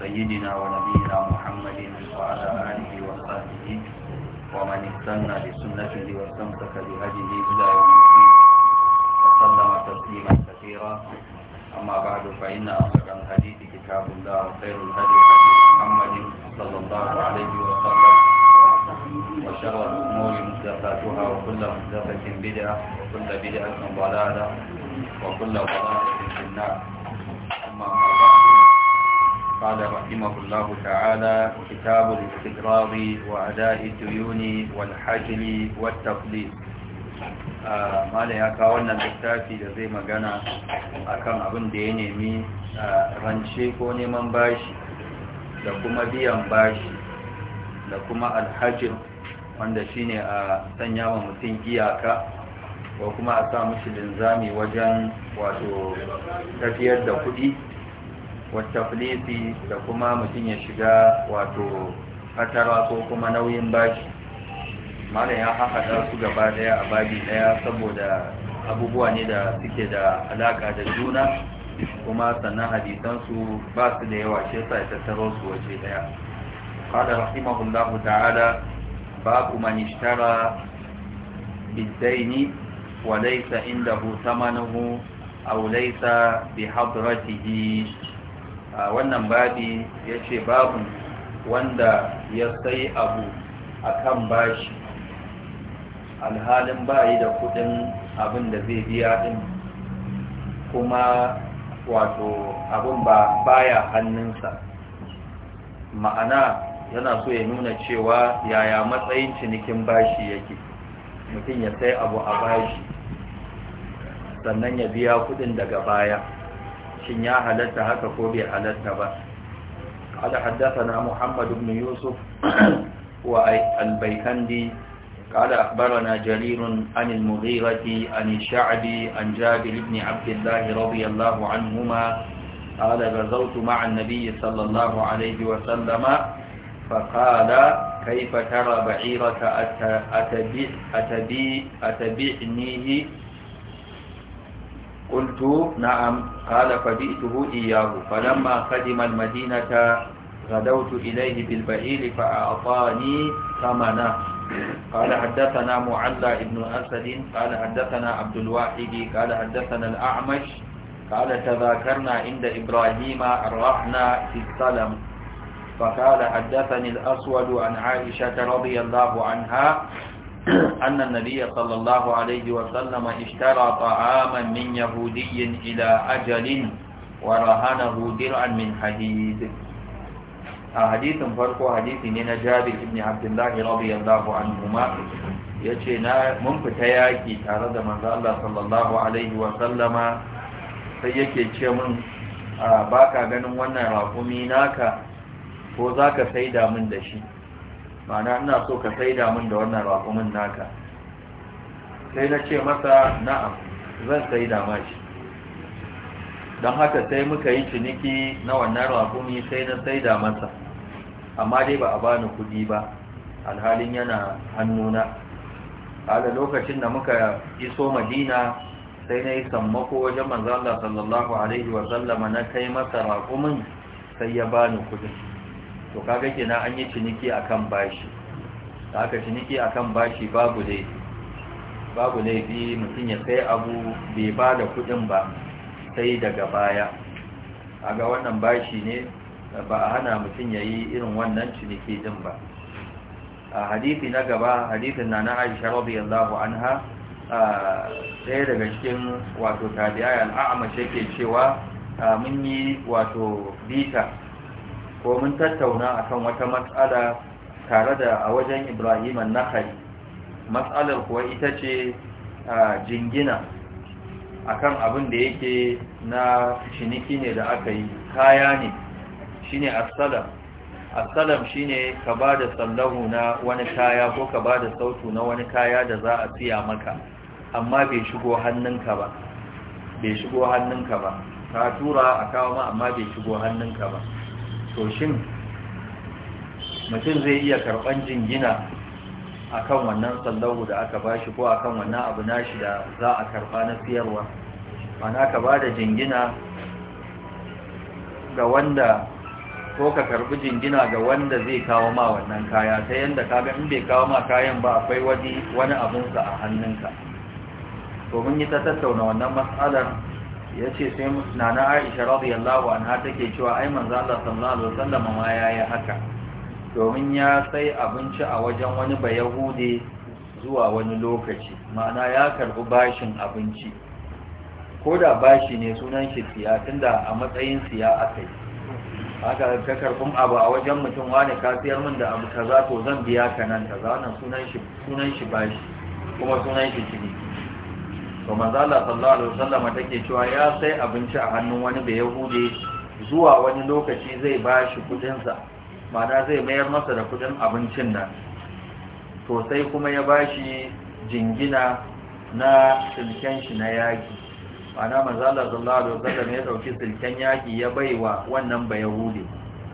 سيدنا ونبينا محمد وعلى آله وصحبه ومن استنى بسنته واستمسك بهديه إلى يوم الدين وسلم تسليما كثيرا أما بعد فإن أصدق الحديث كتاب الله خير الهدي حديث محمد صلى الله عليه وسلم وشر الأمور مهدفاتها وكل مهدفة بدعة وكل بدعة ضلالة وكل ضلالة في النار أما ما بعد قال رحمه الله تعالى كتاب الاستقراض وأداء الديون والحجل والتقليد mala ya kawo wannan littafi da zai magana akan abin da ya nemi rance ko neman bashi da kuma biyan bashi da kuma alhajin wanda shine a sanya wa mutum iyaka ko kuma a sa mushi linzami wajen wato tafiyar da kuɗi filifi da kuma mutum ya shiga wato fatara ko kuma nauyin bashi malam ya haɗa su gaba daya a babi daya saboda abubuwa ne da suke da alaka da juna kuma sannan hadisansu ba su da yawa shi yasa ya tattaro su waje daya قال رحمه الله تعالى باب من اشترى بالدين وليس عنده ثمنه أو ليس بحضرته wannan babi ya ce babu wanda ya sai abu akan bashi alhalin bayi da kudin abin da zai biya din kuma wato abin ba baya hannunsa ma'ana yana so ya nuna cewa yaya matsayin cinikin bashi yake mutum ya sai abu a bashi sannan ya biya kudin daga baya shin ya halatta haka ko bai halatta ba قال haddasa na بن يوسف والبيكندي قال أخبرنا جليل عن المغيرة عن الشعبي عن جابر بن عبد الله رضي الله عنهما قال غزوت مع النبي صلى الله عليه وسلم فقال كيف ترى بعيرك أتبعنيه قلت نعم قال فبئته إياه فلما قدم المدينة غدوت إليه بالبعير فأعطاني ثمنه قال حدثنا معلى بن أسد قال حدثنا عبد الواحد قال حدثنا الأعمش قال تذاكرنا عند إبراهيم الرحنا في السلم فقال حدثني الأسود عن عائشة رضي الله عنها أن النبي صلى الله عليه وسلم اشترى طعاما من يهودي إلى أجل ورهنه درعا من حديد حديث فرق حديث من جابر بن عبد الله رضي الله عنهما yace na mun fita yaki tare da manzo Allah sallallahu alaihi wa sallama sai yake ce min baka ganin wannan raƙumi naka ko za ka sai damun da shi ma'ana ina so ka sai damun da wannan raƙumin naka sai na ce masa na'am zan sai dama shi don haka sai muka yi ciniki na wannan raƙumi sai na sai damansa amma dai ba a bani kuɗi ba alhalin yana hannuna ala lokacin da muka iso madina sai na yi sammako wajen manzala sallallahu alaihi wasallama na kai masa raƙumin sai ya bani kuɗin to kaga kenan an yi ciniki akan bashi da aka ciniki akan bashi babu laifi babu laifi mutum ya sai abu bai ba da kudin ba sai daga baya aga wannan bashi ne ba a hana mutum ya yi irin wannan ciniki din ba a hadithi na gaba hadithin na na aisha radiyallahu anha ɗaya daga cikin wato tabi'a al'a'ama shi cewa mun yi wato bita ko mun tattauna akan wata matsala tare da a wajen Ibrahim an matsalar kuwa ita ce jingina akan abin da yake na ciniki ne da aka yi kaya ne shine as-salam as-salam shine ka bada sallahu na wani kaya ko ka ba da sautu na wani kaya da za a siya maka amma bai shigo hannunka ba bai shigo hannunka ba ka tura a kawo ma amma bai shigo hannunka ba to shin mutum zai iya karɓan jingina akan wannan sallahu da aka ba shi, ko akan wannan abu nashi da za a karɓa na siyarwa ana ka ba da jingina ga wanda ko ka karɓi jingina ga wanda zai kawo ma wannan kaya ta yadda kaga in bai kawo ma kayan ba akwai wani abunsa a hannunka domin yi ta tattauna wannan matsalar ya ce sai nana aisha radiyallahu anha take cewa ai manzo Allah sallallahu alaihi wasallam ma yayi haka domin ya sai abinci a wajen wani bayahude zuwa wani lokaci ma'ana ya karbi bashin abinci ko da bashi ne sunan shi siya tunda a matsayin siya aka yi haka ka abu a wajen mutum wani ka siyar min da abu kaza to zan biya ka nan kaza wannan sunan shi sunan shi bashi kuma sunan shi ciniki to manzala sallallahu alaihi wasallam take cewa ya sai abinci a hannun wani da yahude zuwa wani lokaci zai ba shi kudinsa ma'ana zai mayar masa da kudin abincin nan to sai kuma ya ba shi jingina na silken shi na yaki mana manzala sallallahu alaihi wasallam ya dauki silken yaki ya baiwa wannan ba yahude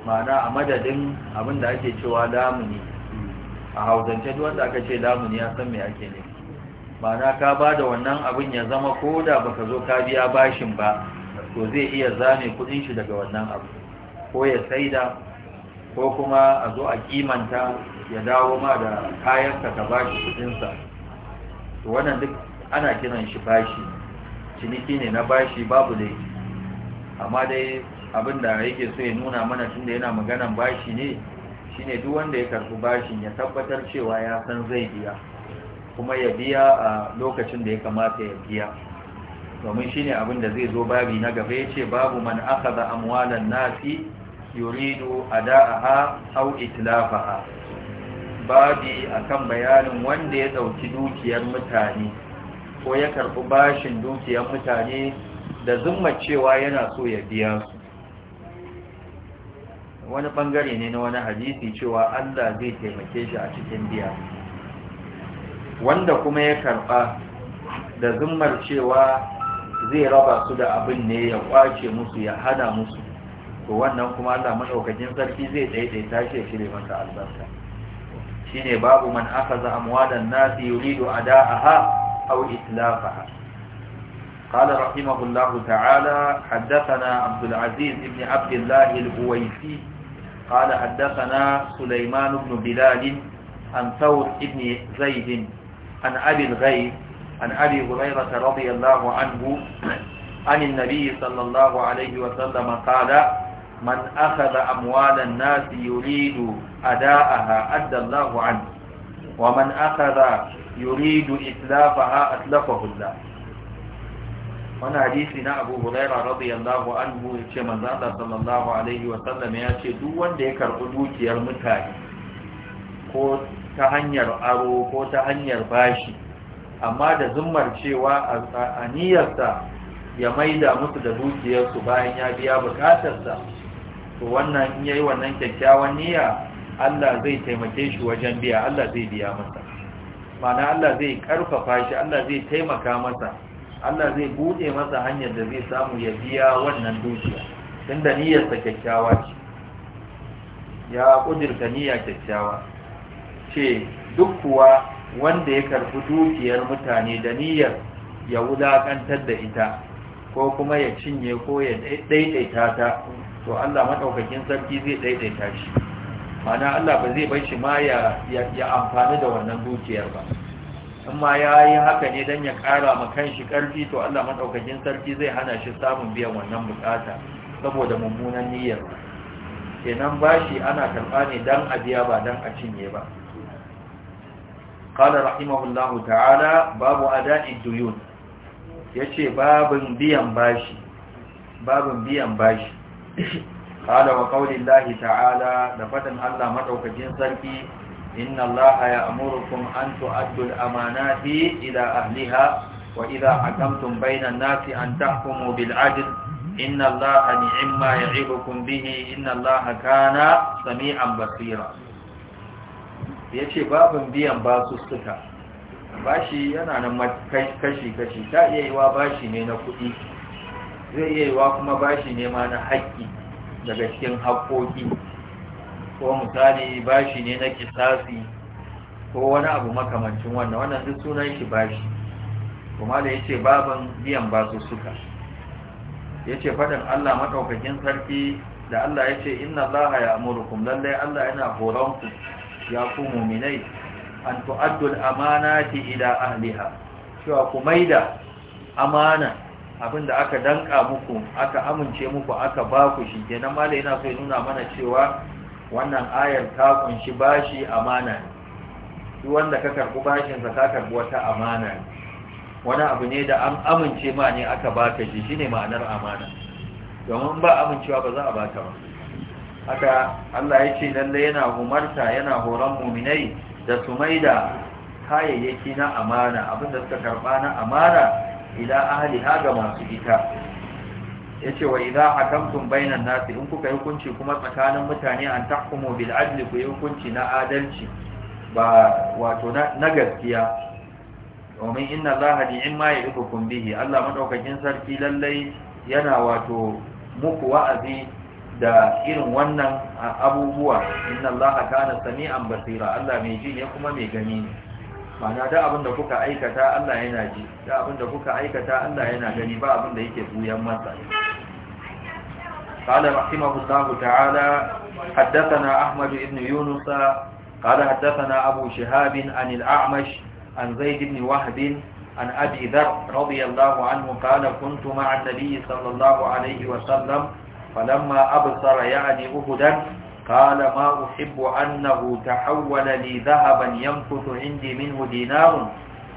ma'ana a madadin abin da ake cewa lamuni a hausance duk wanda aka ce lamuni ya san me ake nufi ma'ana ka ba da wannan abin ya zama ko da baka zo ka biya bashin ba to zai iya zame kudin shi daga wannan abu ko ya saida ko kuma a zo a kimanta ya dawo ma da kayansa ka bashi kudinsa to wannan duk ana kiran shi bashi ciniki ne na bashi babu dai amma dai abin da yake so ya nuna mana tunda yana maganan bashi ne shine duk wanda ya karbi bashin ya tabbatar cewa ya san zai biya kuma ya biya a lokacin da ya kamata ya biya domin shine abin da zai zo babi na gaba yace babu man akhadha amwalan nasi yuridu ada'aha aw itlafaha babi akan bayanin wanda ya dauki dukiyar mutane ko ya karbi bashin dukiyar mutane da zumma cewa yana so ya biya su wani bangare ne na wani hadisi cewa Allah zai taimake shi a cikin biya wanda kuma ya karba da zimmar cewa zai raba su da abin ne ya kwace musu ya hana musu to wannan kuma Allah madaukakin sarki zai daidaita shi ya shirye masa albarka shine babu man akhadha amwalan nasi yuridu ada'aha aw itlafaha قال رحمه الله تعالى حدثنا عبد العزيز بن عبد الله الأويسي قال حدثنا سليمان بن بلال عن ثور بن زيد عن أبي الغيب عن أبي هريرة رضي الله عنه عن النبي صلى الله عليه وسلم قال من أخذ أموال الناس يريد أداءها أدى الله عنه ومن أخذ يريد إتلافها أتلفه الله wani hadisi na abu hulaira radiyallahu anhu ya ce manzana sallallahu alaihi wasallam ya ce duk wanda ya karɓi dukiyar mutane ko ta hanyar aro ko ta hanyar bashi amma da zummar cewa a niyyarsa ya maida musu da dukiyarsu bayan ya biya bukatarsa to wannan in yayi wannan kyakkyawan niyya Allah zai taimake shi wajen biya Allah zai biya masa mana Allah zai karfafa shi Allah zai taimaka masa Allah zai bude masa hanyar da zai samu ya biya wannan dukiya tunda niyyarsa kyakkyawa ce ya kudirta niyya kyakkyawa ce duk kuwa wanda ya karɓi dukiyar mutane da niyyar ya wulakantar da ita ko kuma ya cinye ko ya daidaita ta to Allah madaukakin sarki zai daidaita shi mana Allah ba zai bar shi ma ya ya amfani da wannan dukiyar ba amma yayi haka ne dan ya kara ma shi karfi to Allah madaukakin sarki zai hana shi samun biyan wannan bukata saboda mummunan niyyar kenan bashi ana karba ne dan a biya ba dan a cinye ba قال رحمه الله تعالى باب أداء الديون يشي باب بيان باشي باب بيان باشي قال وقول الله تعالى لفتن الله مدعوك جنسكي إن الله يأمركم أن تؤدوا الأمانات إلى أهلها وإذا حكمتم بين الناس أن تحكموا بالعدل إن الله نعم ما يعظكم به إن الله كان سميعا بصيرا ya ce babin biyan suka bashi yana nan kashi-kashi ta iya yi wa bashi ne na kuɗi zai iya yi wa kuma bashi ne ma na haƙƙi daga cikin haƙƙoƙi ko misali bashi ne na kisasi ko wani abu makamancin wannan wannan duk sunan shi bashi kuma da ya ce babin biyan basussuka ya ce faɗin allah maɗaukakin sarki da allah ya ce inna allaha ya amurukum lallai allah yana ku. ya ku mu'minai an tu'addul amanati ila ahliha cewa ku maida amana abinda aka danka muku aka amince muku aka ba ku shi kenan malai yana so ya nuna mana cewa wannan ayar ta kunshi bashi amana duk wanda ka karbi bashin sa ka karbi wata amana wani abu ne da an amince ma ne aka baka shi shine ma'anar amana domin ba amincewa ba za a baka ba haka Allah ya ce lalle yana umarta yana horon muminai da su maida kayayyaki na amana abinda suka karba na amana ila ahli haga masu ita yace wa idza hakamtum bainan nasi in kuka yi hukunci kuma tsakanin mutane an tahkumu bil adli ku yi hukunci na adalci ba wato na gaskiya domin inna allaha ni'ma ya'idukum bihi Allah madaukakin sarki lalle yana wato muku wa'azi da irin wannan abubuwa inna allaha kana sami'an basira Allah mai ji ne kuma mai gani ne mana da abin da kuka aikata Allah yana ji da abin da kuka aikata Allah yana gani ba abin da yake buyan masa قال رحمه الله تعالى حدثنا أحمد بن يونس قال حدثنا أبو شهاب عن الأعمش عن زيد بن وهب عن أبي ذر رضي الله عنه قال كنت مع النبي صلى الله عليه وسلم فلما أبصر يعني أهدا قال ما أحب أنه تحول لي ذهبا يمكث عندي منه دينار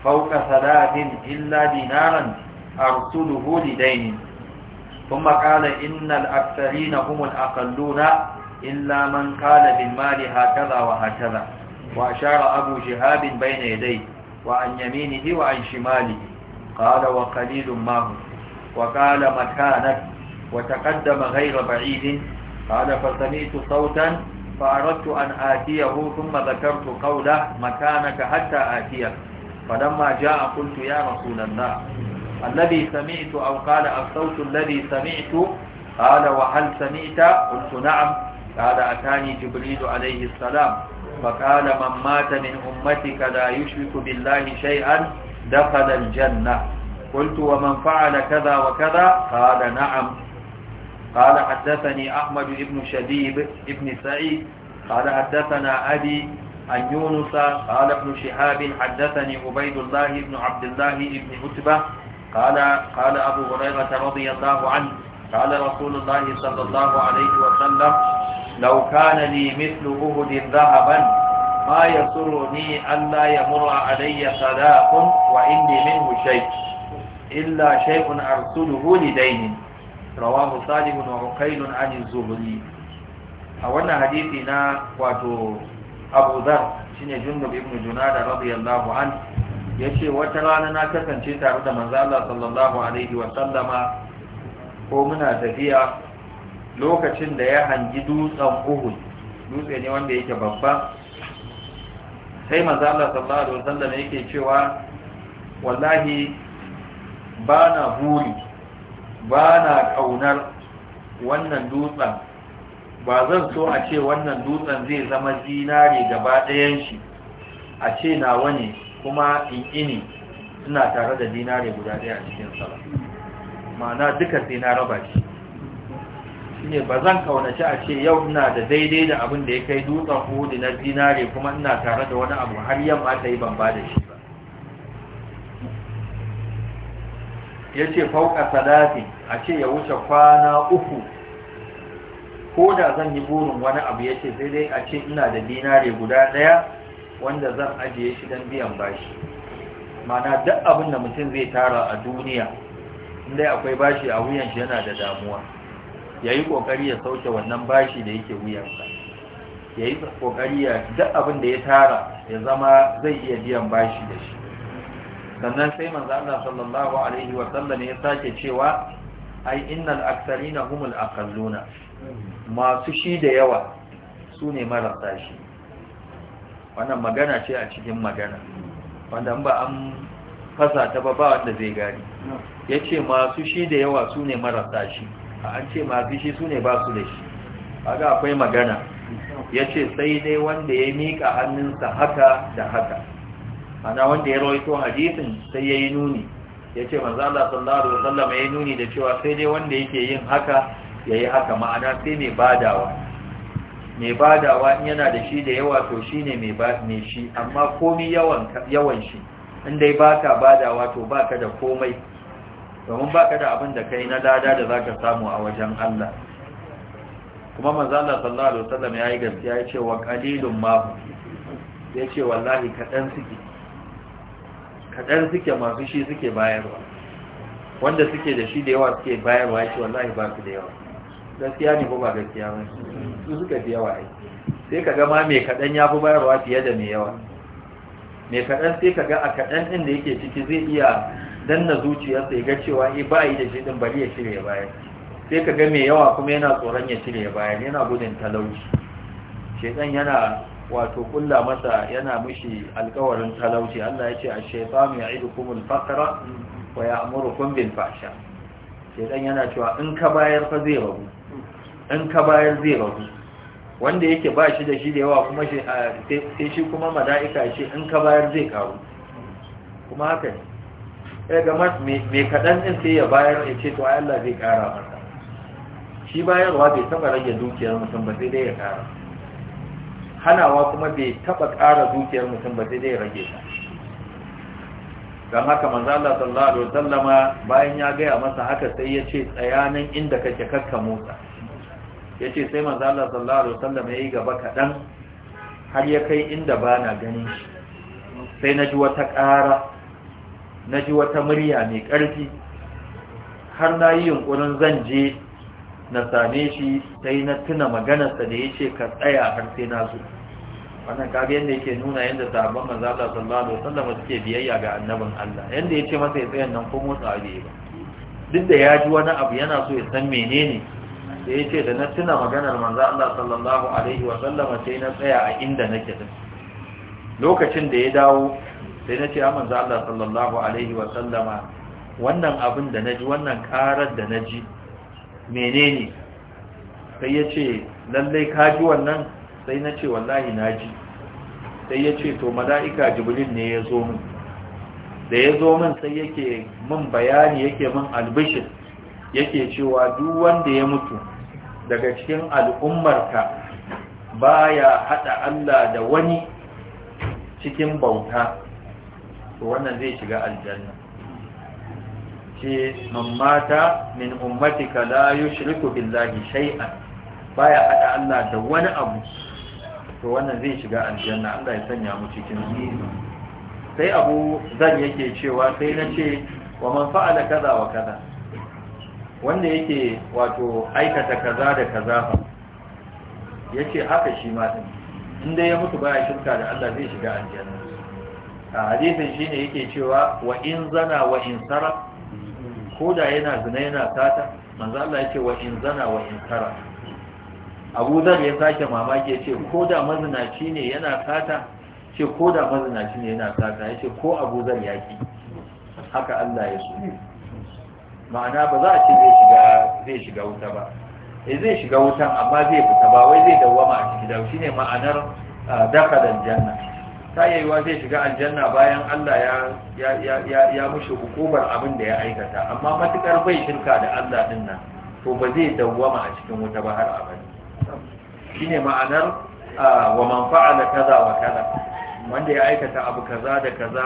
فوق ثلاث إلا دينارا أرسله لدين ثم قال إن الأكثرين هم الأقلون إلا من قال بالمال هكذا وهكذا وأشار أبو جهاب بين يديه وعن يمينه وعن شماله قال وقليل ما هو وقال مكانك وتقدم غير بعيد قال فسمعت صوتا فأردت أن آتيه ثم ذكرت قوله مكانك حتى آتيه فلما جاء قلت يا رسول الله الذي سمعت أو قال الصوت الذي سمعت قال وهل سمعت قلت نعم قال أتاني جبريل عليه السلام فقال من مات من أمتك لا يشرك بالله شيئا دخل الجنة قلت ومن فعل كذا وكذا قال نعم قال حدثني أحمد بن شبيب بن سعيد قال حدثنا أبي عن يونس قال ابن شهاب حدثني عبيد الله بن عبد الله بن عتبة قال قال أبو هريرة رضي الله عنه قال رسول الله صلى الله عليه وسلم لو كان لي مثل أهد ذهبا ما يسرني ألا يمر علي صداق وإني منه شيء إلا شيء أرسله لدين rawahu salim wa uqail an az-zuhri a wannan hadisi na wato Abu Dharr shine Jundub ibn Junada radiyallahu an yace wata rana na kasance tare da manzo Allah sallallahu alaihi wa sallama ko muna tafiya lokacin da ya hangi dutsen Uhud dutse ne wanda yake babba sai manzo Allah sallallahu alaihi wa sallama yake cewa wallahi bana buri ba na kaunar wannan dutsen ba zan so a ce wannan dutsen zai zama zinare gaba ɗayan shi a ce na wani kuma in ini suna tare da zinare guda ɗaya a cikin sala ma'ana duka zinare ba raba shi shine ba zan kaunaci a ce yau ina da daidai da abin da ya kai dutsen hudu na zinare kuma ina tare da wani abu har yamma ta yi ban ba da shi ya ce fauka sadafin a ce ya wuce kwana uku ko da zan yi burin wani abu ya ce sai dai a ce ina da dinare guda ɗaya wanda zan ajiye shi don biyan bashi mana duk abin da mutum zai tara a duniya inda akwai bashi a wuyan shi yana da damuwa ya yi ƙoƙari ya sauke wannan bashi da yake wuyansa ya yi ƙoƙari ya duk abin da ya tara ya zama zai iya biyan bashi da shi sannan sai manzo Allah sallallahu alaihi wa sallam ya sake cewa ai innal aktharina humul aqalluna masu shi da yawa su ne marasa shi wannan magana ce a cikin magana wanda ba an fasa ta ba ba wanda zai gani yace masu shi da yawa su ne marasa shi an ce masu shi su ne ba su da shi kaga akwai magana yace sai dai wanda ya mika hannunsa haka da haka ana wanda ya rawaito hadisin sai ya yi nuni ya ce Allah sallallahu alaihi wasallam ya yi nuni da cewa sai dai wanda yake yin haka ya yi haka ma'ana sai mai badawa mai badawa in yana da shi da yawa to shi ne mai shi amma komi yawan shi In dai baka badawa to baka da komai domin baka da abin da kai na dada da zaka samu a wajen Allah kuma Allah sallallahu alaihi wasallam ya yi gaskiya ya ce wa qalilun ma ya ce wallahi kaɗan suke kaɗan suke masu shi suke bayarwa wanda suke da shi da yawa suke bayarwa shi wallahi ba su da yawa gaskiya ne ko ba gaskiya ba su suka fi yawa ai sai ka ma mai kaɗan ya fi bayarwa fiye da mai yawa mai kaɗan sai ka ga a kaɗan ɗin da yake ciki zai iya danna zuciyarsa ya ga cewa eh ba yi da shi ɗin bari ya cire ya bayar sai ka ga mai yawa kuma yana tsoron ya cire ya bayar yana gudun talauci shekan yana wato kulla masa yana mishi alkawarin talauci Allah ya ce a shaifan ya idu kumul fakara wa ya amuru kumbin fasha shaitan yana cewa in ka bayar fa zai rabu in ka bayar zai rabu wanda yake ba shi da shi da yawa kuma sai shi kuma mala'ika ce in ka bayar zai karu kuma haka ne Ɗaya ga mai kaɗan ɗin sai ya bayar ya ce to Allah zai ƙara masa shi bayarwa bai taɓa rage dukiyar mutum ba sai dai ya ƙara hanawa kuma bai taba ƙara dukiyar mutum ba sai dai rage ta don haka manzo Allah sallallahu alaihi wasallama bayan ya gaya masa haka sai ya ce tsayanin inda kake kakka motsa ya sai manzo Allah sallallahu alaihi wasallama yayi gaba kaɗan har ya kai inda bana ganin sai naji wata ƙara na wata murya mai ƙarfi har na yi yunƙurin zan je na same shi sai na tuna maganarsa da ya ce ka tsaya har sai na su wannan kaga yadda yake nuna yadda sahabban manzo Allah sallallahu alaihi wasallam suke biyayya ga annabin Allah yadda ya ce masa ya tsaya nan ko motsa bai ba duk da ya ji wani abu yana so ya san menene da ya ce da na tuna maganar manzo Allah sallallahu alaihi wasallam sai na tsaya a inda nake din lokacin da ya dawo sai na ce a manzo Allah sallallahu alaihi wasallama wannan abin da naji wannan karar da naji menene sai ya ce lallai kaji wannan sai na ce wallahi na ji sai ya ce to mala'ika jibril ne ya zo min da ya zo min sai yake mun bayani yake mun albishin? yake cewa duk wanda ya mutu daga cikin al'ummarka baya haɗa Allah da wani cikin bauta to wannan zai shiga aljanna ce man mata min ummatika la yushriku billahi shay'an baya hada Allah da wani abu to wannan zai shiga aljanna Allah ya sanya mu cikin sai Abu Zan yake cewa sai na ce wa man fa'ala kaza wa kaza wanda yake wato aikata kaza da kaza fa yace haka shi ma din inda ya mutu baya shirka da Allah zai shiga aljanna a hadisin shine yake cewa wa in zana wa in sarafa ko da yana zina yana sata manzo Allah ya ce wa in zana wa in tara Abu Dharr ya sake mamaki ya ce ko da mazinaci ne yana sata ce ko da mazinaci ne yana sata ya ce ko Abu Dharr ya haka Allah ya so ma'ana ba za a ce zai shiga zai shiga wuta ba eh zai shiga wutan amma zai fita ba wai zai dawwama a cikin dawo shine ma'anar ah, dakhalan janna ta yayuwa zai shiga aljanna bayan Allah ya ya ya ya mushi hukumar abin da ya aikata amma matukar bai shirka da Allah din nan to ba zai dawwama a cikin wuta ba har abada shine ma'anar wa man fa'ala kaza wa kaza wanda ya aikata abu kaza da kaza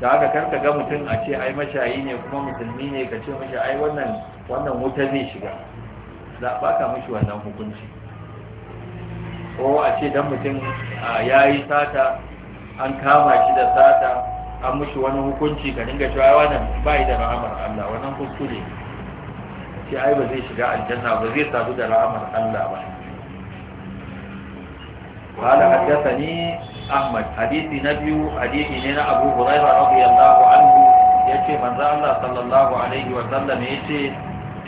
da haka karka ga mutum a ce ai mashayi ne kuma musulmi ne ka ce mashi ai wannan wannan wuta zai shiga za ba ka mushi wannan hukunci ko a ce dan mutum ya yi sata an kama shi da sata an mushi wani hukunci ka dinga cewa wannan bai da rahamar Allah wannan kuskure shi ai ba zai shiga aljanna ba zai sadu da rahamar Allah ba قال حدثني أحمد حديث ne na لنا أبو هريرة رضي الله عنه يتي من Allah! Sallallahu alaihi wa عليه وسلم يتي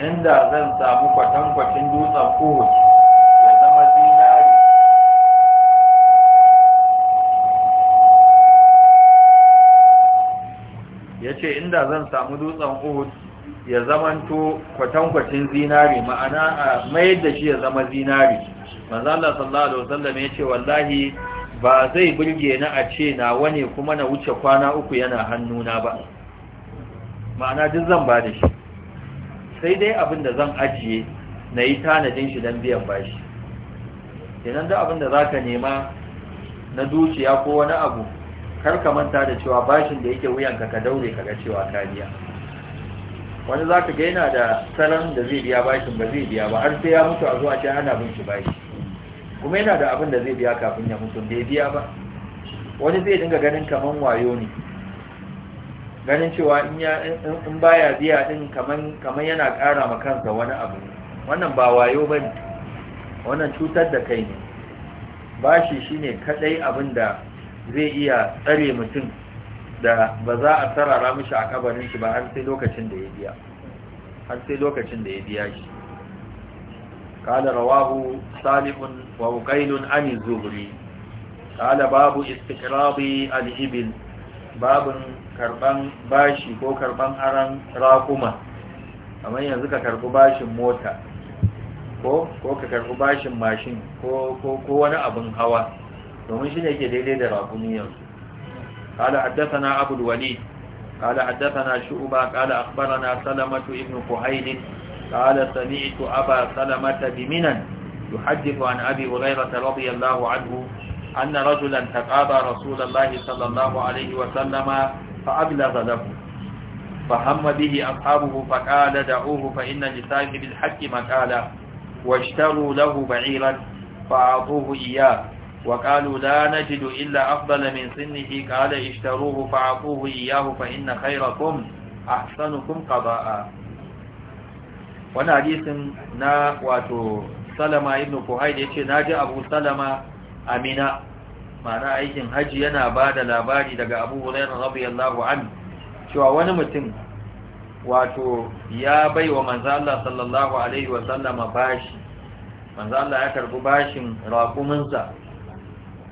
عند ذن سامو فتنكو تندوس yace ce inda zan samu dutsen uhud ya zamanto kwatankwacin zinari ma'ana a mayar da shi ya zama zinari Allah sallallahu alaihi wasallam ya ce wallahi ba zai burge ni a ce na wane kuma na wuce kwana uku yana hannuna ba ma'ana duk zan ba da shi sai dai abin da zan ajiye na yi tanadin shi don biyan bashi kenan da abin da za ka nema na dukiya ko wani abu kar ka manta da cewa bashin da yake wuyanka ka daure ka ga cewa ka biya wani za ka ga yana da salon da zai biya bashin ba zai biya ba har sai ya mutu a zuwa ce ana bin shi bashi kuma yana da abin da zai biya kafin ya mutu bai biya ba wani zai dinga ganin kaman wayo ne ganin cewa in baya biya din kaman yana kara ma kansa wani abu wannan ba wayo ba ne. wannan cutar da kai ne bashi shine kadai abin da zai iya tsare mutum da ba za a tsarara mishi a kabarin shi ba har sai lokacin da ya biya har sai lokacin da ya biya shi kala rawahu salihun wa uqailun kala babu istiqrabi al-ibil babun karban bashi ko karban aran kamar yanzu ka karbi bashin mota ko ko ka karbi bashin mashin ko ko ko wani abun hawa domin shi ke daidai da rakuni yanzu kala haddasa na abu duwali kala haddasa na shu'uba kala akbara na salamatu ibn kuhainin kala sami'itu aba salamata biminan yi hajjifu an abi hulaira ta rabu yallahu adhu an na rajulan ta rasulallahi sallallahu alaihi wa sallama fa abila zalafu fa hamma bihi ashabuhu fa kala da'uhu fa inna lisafi bil haqqi makala wa ishtaru lahu ba'iran fa a'atuhu iya وقالوا لا نجد إلا أفضل من سنه قال اشتروه فعطوه إياه فإن خيركم أحسنكم قضاء وانا حديث نا واتو سلمة ابن فهيد يتشي ناجى أبو سلمة أمنا معنى أيكين هجي ينا بعد لا باري دقى أبو هرير رضي الله عنه شو وانا متن واتو يا بي ومن الله صلى الله عليه وسلم باش من الله يكرب باش راقو منزل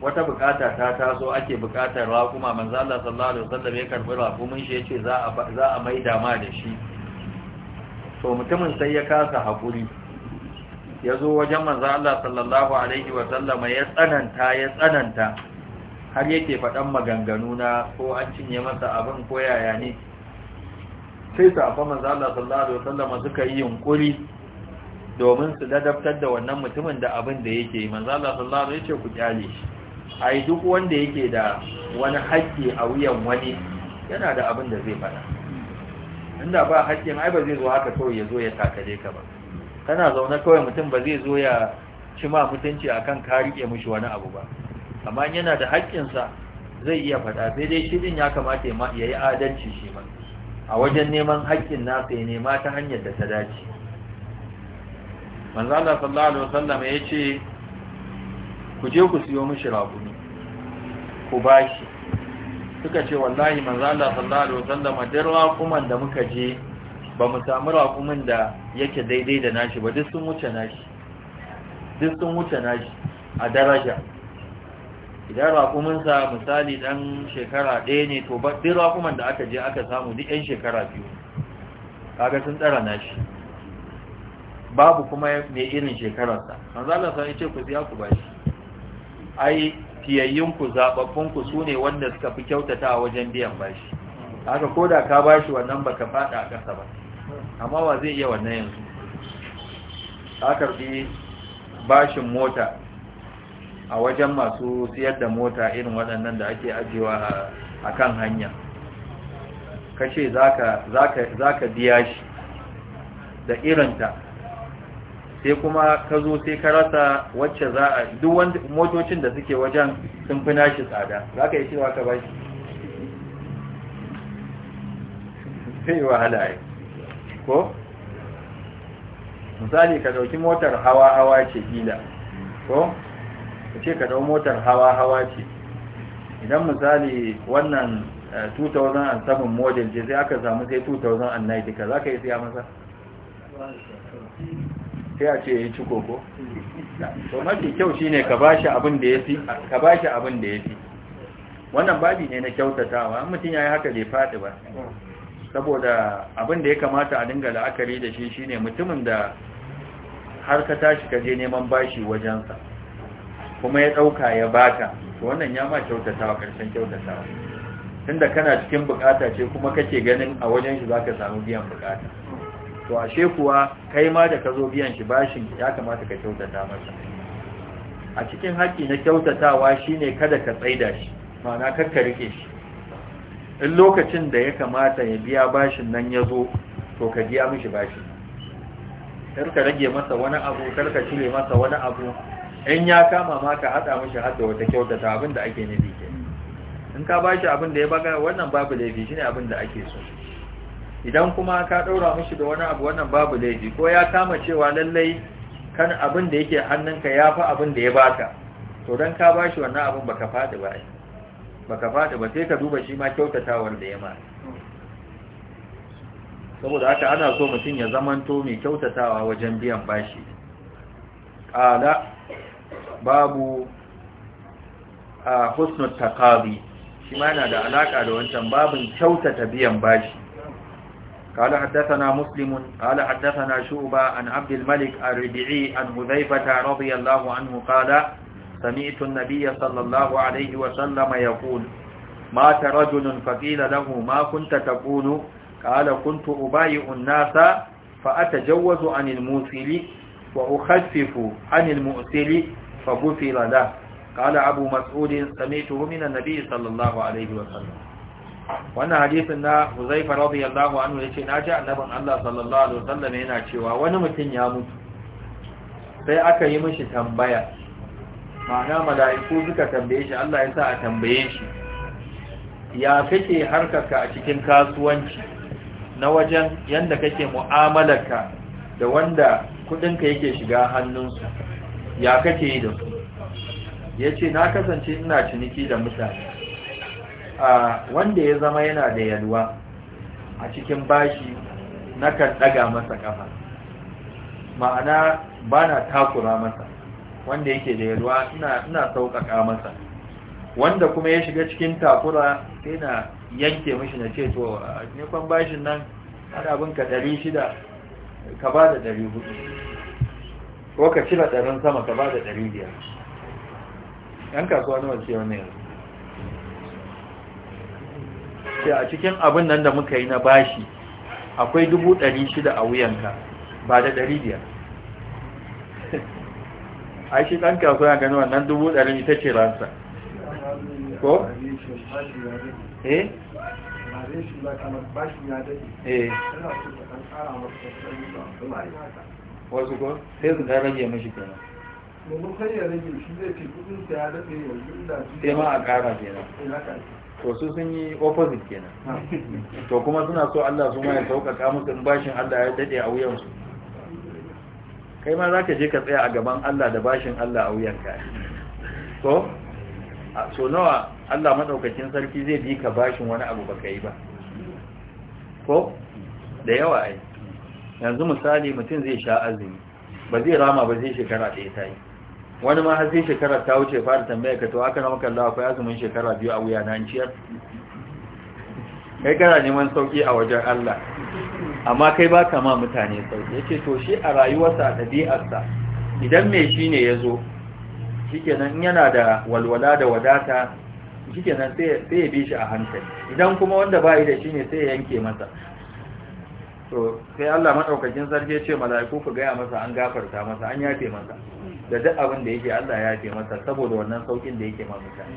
wata bukata ta taso ake bukatar raƙuma manzo Allah sallallahu alaihi wasallam ya karbi raƙumin shi yace za a za a da ma da shi to mutumin sai ya kasa hakuri yazo wajen manzo Allah sallallahu alaihi wasallam ya tsananta ya tsananta har yake faɗan maganganu na ko an cinye masa abin ko yaya ne sai safa manzo Allah sallallahu alaihi wasallam suka yi yunkuri domin su dadaftar da wannan mutumin da abin da yake manzo Allah sallallahu alaihi wasallam ya ce ku kyale shi ai duk wanda yake da wani haƙƙi a wuyan wani yana da abin da zai fada inda ba haƙƙin ai ba zai zo haka kawai ya zo ya takale ka ba kana zaune kawai mutum ba zai zo ya ci ma mutunci akan ka rike mishi wani abu ba amma yana da haƙƙinsa zai iya faɗa sai dai shirin ya kamata ya yi adalci shi ma a wajen neman haƙƙin nasa ya nema ta hanyar da ta dace manzo Allah sallallahu alaihi wasallam ya ce ku je ku siyo mishi rabuni ku bashi suka ce wallahi manzo Allah sallallahu alaihi wasallam da raƙuman da muka je ba mu samu raƙumin da yake daidai da nashi ba duk sun wuce nashi duk sun wuce nashi a daraja idan sa misali ɗan shekara ɗaya ne to duk kuma da aka je aka samu duk 'yan shekara biyu kaga sun tsara nashi babu kuma mai irin shekararsa manzala sai ya ce ku siya ku bashi ai fiyayyunku zaɓaɓɓunku su ne wanda suka fi kyautata a wajen biyan bashi haka ko da ka bashi wannan ba ka faɗa a ƙasa ba amma wa zai iya wannan yanzu ka karɓi bashin mota a wajen masu siyar da mota irin waɗannan da ake ajiyewa a kan hanya kashe za ka biya shi da irinta sai kuma ka zo sai ka rasa wacce za a duk motocin da suke wajen sun fi nashi tsada za ka yi cewa ka ba shi sai wahala yi ko misali ka dauki motar hawa-hawa ce gila ko ka ce ka dau motar hawa-hawa ce idan misali wannan 2007 eh, model ce sai aka samu sai 2009 ka za ka yi siya masa sai a ce ya ci koko to mafi kyau shine ka bashi abin da yafi ka bashi abin da yafi wannan babi ne na kyautatawa mutum yi haka bai fadi ba saboda abin da ya kamata a dinga la'akari da shi shine mutumin da har ka tashi ka je neman bashi wajensa kuma ya dauka ya baka to wannan ya ma kyautatawa karshen kyautatawa tunda kana cikin bukata ce kuma kake ganin a wajen shi zaka samu biyan bukata to ashe kuwa kai ma da ka zo biyan shi bashin ya kamata ka kyautata masa a cikin haƙƙi na kyautatawa shine kada ka tsaida shi ma'ana kar ka rike shi in lokacin da ya kamata ya biya bashin nan ya zo to ka biya mishi bashin kar ka rage masa wani abu kar ka cire masa wani abu in ya kama ma ka haɗa mishi har da wata kyautata abin da ake nufi ke in ka bashi abin da ya baga wannan babu laifi shine abin da ake so idan kuma ka ɗaura mashi da wani abu wannan babu laifi ko ya kama cewa lallai kan abin da yake hannunka ya fi abin da ya baka to don ka ba shi wannan abin baka faɗi ba baka faɗi ba sai ka duba shi ma kyautatawar da ya ma saboda haka ana so mutum ya zamanto mai kyautatawa wajen biyan bashi ƙala babu a husnu takabi shi ma yana da alaƙa da wancan babin kyautata biyan bashi قال حدثنا مسلم قال حدثنا شعبة عن عبد الملك الربيعي عن حذيفة رضي الله عنه قال سمعت النبي صلى الله عليه وسلم يقول مات رجل فقيل له ما كنت تقول قال كنت أبايع الناس فأتجوز عن الموسل وأخفف عن المؤسل فغفر له قال أبو مسعود سمعته من النبي صلى الله عليه وسلم wannan hadisin na Huzaifa radiyallahu anhu yace ji annabin Allah sallallahu alaihi wasallam yana cewa wani mutum ya mutu sai aka yi mishi tambaya ma'ana mala'iku suka tambaye shi Allah ya sa a tambaye shi ya kake harkarka a cikin kasuwanci na wajen yanda kake mu'amalarka da wanda kudinka yake shiga hannunsu ya kake yi da su yace na kasance ina ciniki da mutane wanda ya zama yana da yalwa a cikin bashi na kan daga masa kafa ma'ana bana takura masa wanda yake da yalwa ina sauƙaƙa masa wanda kuma ya shiga cikin takura sai na yanke mishi na ce to a nufan bashin nan ana abinka ka shida ka ba da ɗari hudu ko ka cire ɗarin sama ka ba da ɗari biyar. yan kasuwa nawa ce wannan yanzu a cikin abin nan da muka yi na bashi akwai dubu ɗari shida a wuyanka ba da ɗari biyar ai shi ɗan kasuwa gani wannan dubu ɗari ita ce ransa ko? eh? eh wasu ko sai su rage mashi kenan rage shi zai ce kudin ya yanzu ma a ƙara kenan eh, Wasu sun yi opposite kenan to kuma suna so Allah su ma ya sauƙaƙa musu bashin Allah ya dade a wuyansu kai ma zaka je ka tsaya a gaban Allah da bashin Allah a wuyanka to so nawa Allah madaukakin sarki zai bi ka bashin wani abu baka yi ba ko da yawa ai yanzu misali mutum zai sha azumi ba zai rama ba zai shekara ɗaya ta yi wani ma har sai shekarar ta wuce fara tambaya ka to aka na maka Allah akwai azumin shekara biyu a wuya na ciyar kai kana neman sauki a wajen Allah amma kai ba ka ma mutane sauki yace to shi a rayuwarsa da dabi'arsa idan me shine yazo shikenan in yana da walwala da wadata shikenan sai sai ya bi shi a hankali idan kuma wanda ba yi da shi ne sai ya yanke masa to sai Allah madaukakin sarki ya ce mala'iku ku gaya masa an gafarta masa an yafe masa da duk abin da yake Allah ya yafe masa saboda wannan saukin da yake ma mutane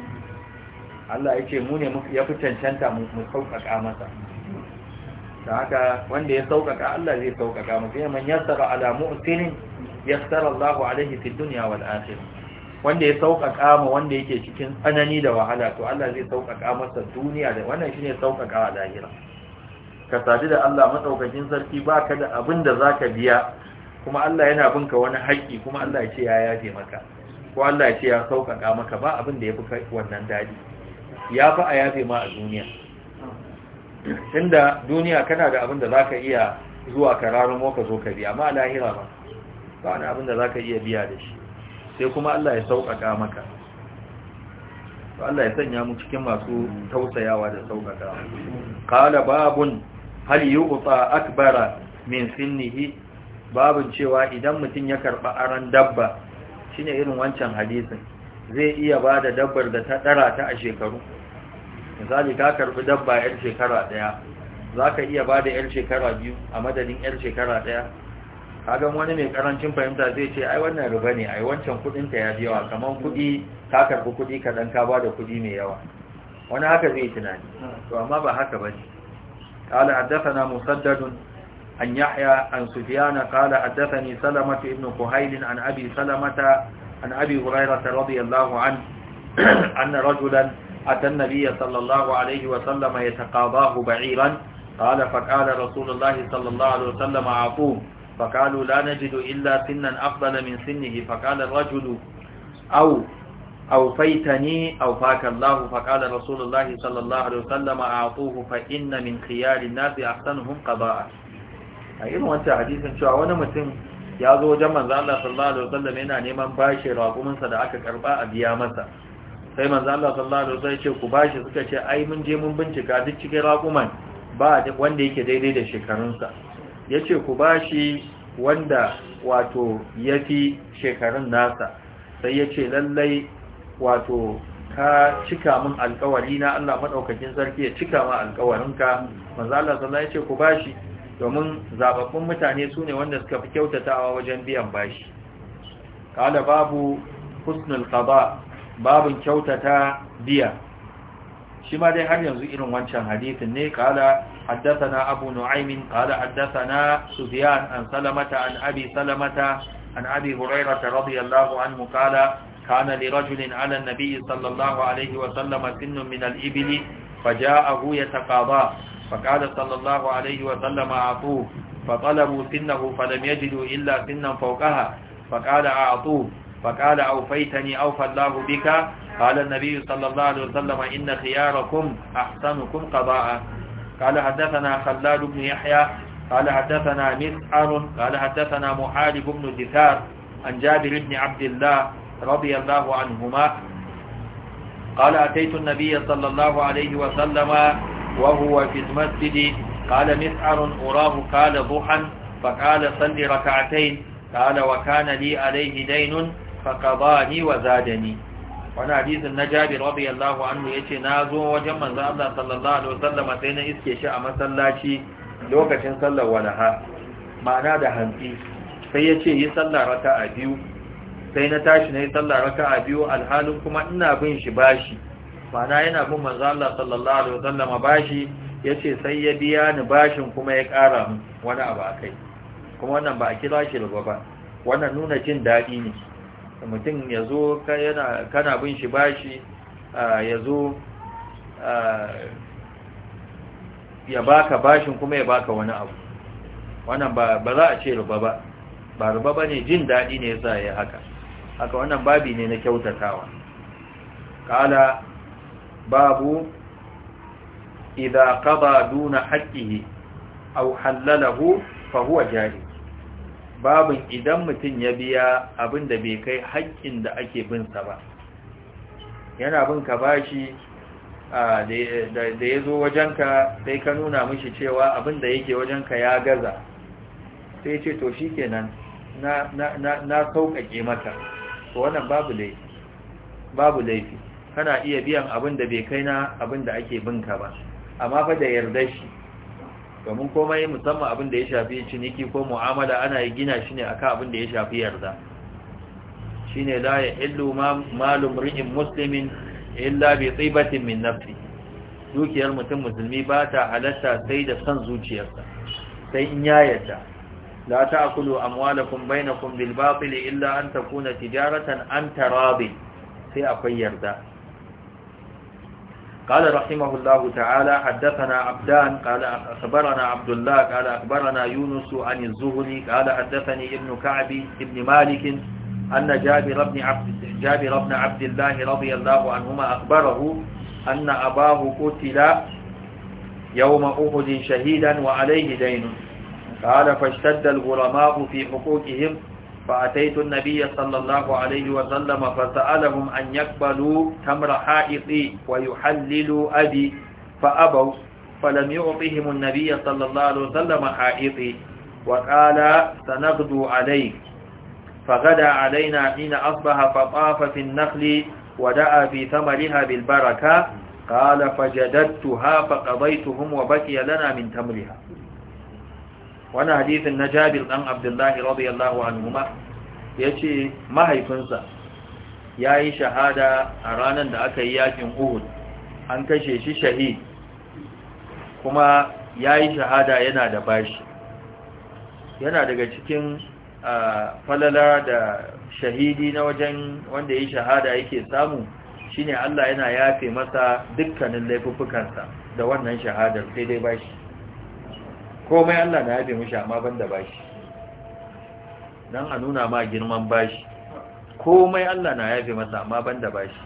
Allah ya ce mu ne ya fi cancanta mu sauƙaƙa masa da haka wanda ya sauƙaƙa Allah zai sauƙaƙa masa ya man yassara ala mu'sinin yassara Allahu alaihi fid dunya wal akhir wanda ya sauƙaƙa ma wanda yake cikin tsanani da wahala to Allah zai sauƙaƙa masa duniya da wannan shine sauƙaƙa a lahira ka sadu da Allah madaukakin sarki baka da abin da zaka biya kuma Allah yana binka wani haƙƙi kuma Allah ya ce ya yafe maka ko Allah ya ce ya sauƙaƙa maka ba abin da ya fi wannan daɗi ya fi a yafe ma a duniya tunda duniya kana da abin da za ka iya zuwa kararin ka zo ka biya amma lahira ba ba wani abin da za ka iya biya da shi sai kuma Allah ya sauƙaƙa maka Allah ya sanya mu cikin masu tausayawa da sauƙaƙa qala babun hal yuqta akbara min sinnihi Babu cewa idan mutum ya karba aron dabba shine irin wancan hadisin zai iya bada dabbar da ta dara ta a shekaru misali ka karbi dabba yar shekara daya zaka iya bada yar shekara biyu a madadin yar shekara daya kaga wani mai karancin fahimta zai ce ai wannan riba ne ai wancan kudin ta ya yawa kamar kudi ka karbi kuɗi kadan ka bada kuɗi mai yawa wani haka zai tunani to amma ba haka bane قال حدثنا مسدد عن يحيى عن سفيان قال حدثني سلمة بن قهيل عن أبي سلمة عن أبي هريرة رضي الله عنه أن رجلا أتى النبي صلى الله عليه وسلم يتقاضاه بعيرا قال فقال رسول الله صلى الله عليه وسلم عطوه فقالوا لا نجد إلا سنا أفضل من سنه فقال الرجل أو أوفيتني أوفاك الله فقال رسول الله صلى الله عليه وسلم أعطوه فإن من خيار الناس أحسنهم قضاء أين وانت حديثا شو أولا متن يا ذو جمع ذا الله صلى الله عليه وسلم masa, نيمان باشي من صدعك كرباء بيامسا sai manzo Allah sallallahu alaihi wasallam ce ku bashi suka ce ai mun je mun bincika duk cikin raƙuman ba wanda yake daidai da shekarunsa yace ku bashi wanda wato yafi shekarun nasa sai yace lallai wato ka cika min alkawari na Allah maɗaukakin sarki ya cika min alkawarinka manzo Allah sallallahu alaihi wasallam ku bashi domin zababbun mutane su ne wanda suka fi kyautatawa wajen biyan bashi kala babu husnul qada babu kyautata biya shi ma dai har yanzu irin wancan hadisin ne kala haddathana abu nu'aym kala haddathana sufyan an salamata an abi salamata an abi hurairah radiyallahu anhu kala كان لرجل على النبي صلى الله عليه وسلم سن من الإبل فجاءه يتقاضى فقال صلى الله عليه وسلم أعطوه فطلبوا سنه فلم يجدوا إلا سنا فوقها فقال أعطوه فقال أوفيتني أوفى الله بك قال النبي صلى الله عليه وسلم إن خياركم أحسنكم قضاء قال حدثنا خلاد بن يحيى قال حدثنا مسعر قال حدثنا محارب بن دثار عن جابر بن عبد الله رضي الله عنهما قال أتيت النبي صلى الله عليه وسلم وهو في المسجد قال مسعر أراه قال ضحا فقال صل ركعتين قال وكان لي عليه دين فقضاني وزادني وانا حديث النجابي رضي الله عنه يتي نازو وجن منزل الله صلى الله عليه وسلم سينا iske shi a masallaci lokacin sallar walaha ma'ana da hanzi sai yace yi sallar raka'a biyu sai na tashi na yi sallah a biyu alhalin kuma ina bin shi bashi ma'ana yana bin manzo Allah sallallahu alaihi wasallam bashi yace sai ya biya ni bashin kuma ya ƙara min wani abu akai kuma wannan ba a kira shi da ba wannan nuna jin daɗi ne mutum ya zo kana bin shi bashi ya zo ya baka bashin kuma ya baka wani abu wannan ba za a ce ruba ba ba ruba ba ne jin daɗi ne ya sa ya haka haka wannan babi ne na kyautatawa kala babu idza qada duna haqqihi aw halalahu fa huwa jari babin idan mutum ya biya abinda bai kai haƙƙin da ake bin sa ba yana bin ka bashi da ya zo wajenka sai ka nuna mishi cewa abinda yake wajenka ya gaza sai ce to shikenan na na na sauƙaƙe maka to wannan babu laifi babu laifi kana iya biyan abin da bai kai na abin da ake binka ba amma fa da yarda shi domin komai musamman abin da ya shafi ciniki ko mu'amala ana yi gina shi ne akan abin da ya shafi yarda shine la ya illu ma malum mri'in muslimin illa bi tsibatin min nafsi dukiyar mutum musulmi ba ta halatta sai da san zuciyarsa sai in ya yarda لا تأكلوا أموالكم بينكم بالباطل إلا أن تكون تجارة أن ترابي في أقير ذا قال رحمه الله تعالى حدثنا عبدان قال أخبرنا عبد الله قال أخبرنا يونس عن الزهري قال حدثني ابن كعب ابن مالك أن جابر بن عبد, جابر بن عبد الله رضي الله عنهما أخبره أن أباه قتل يوم أحد شهيدا وعليه دين قال فاشتد الغرماء في حقوقهم فأتيت النبي صلى الله عليه وسلم فسألهم أن يقبلوا تمر حائطي ويحللوا أبي فأبوا فلم يعطهم النبي صلى الله عليه وسلم حائطي وقال سنغدو عليك فغدا علينا حين أصبح فطاف في النخل ودعا في ثمرها بالبركة قال فجددتها فقضيتهم وبكي لنا من تمرها wani hadisin na jabir ɗan abdullahi radiyallahu anhuma ya ce mahaifinsa yayi shahada a ranar da aka yi yakin uhud an kashe shi shahid kuma yayi shahada yana da bashi yana daga cikin falala da shahidi na wajen wanda yayi shahada yake samu shine Allah yana yafe masa dukkanin laifuffukansa da wannan shahadar sai dai bashi komai Allah na yafe mishi amma banda bashi dan a nuna ma girman bashi komai Allah na yafe masa amma banda bashi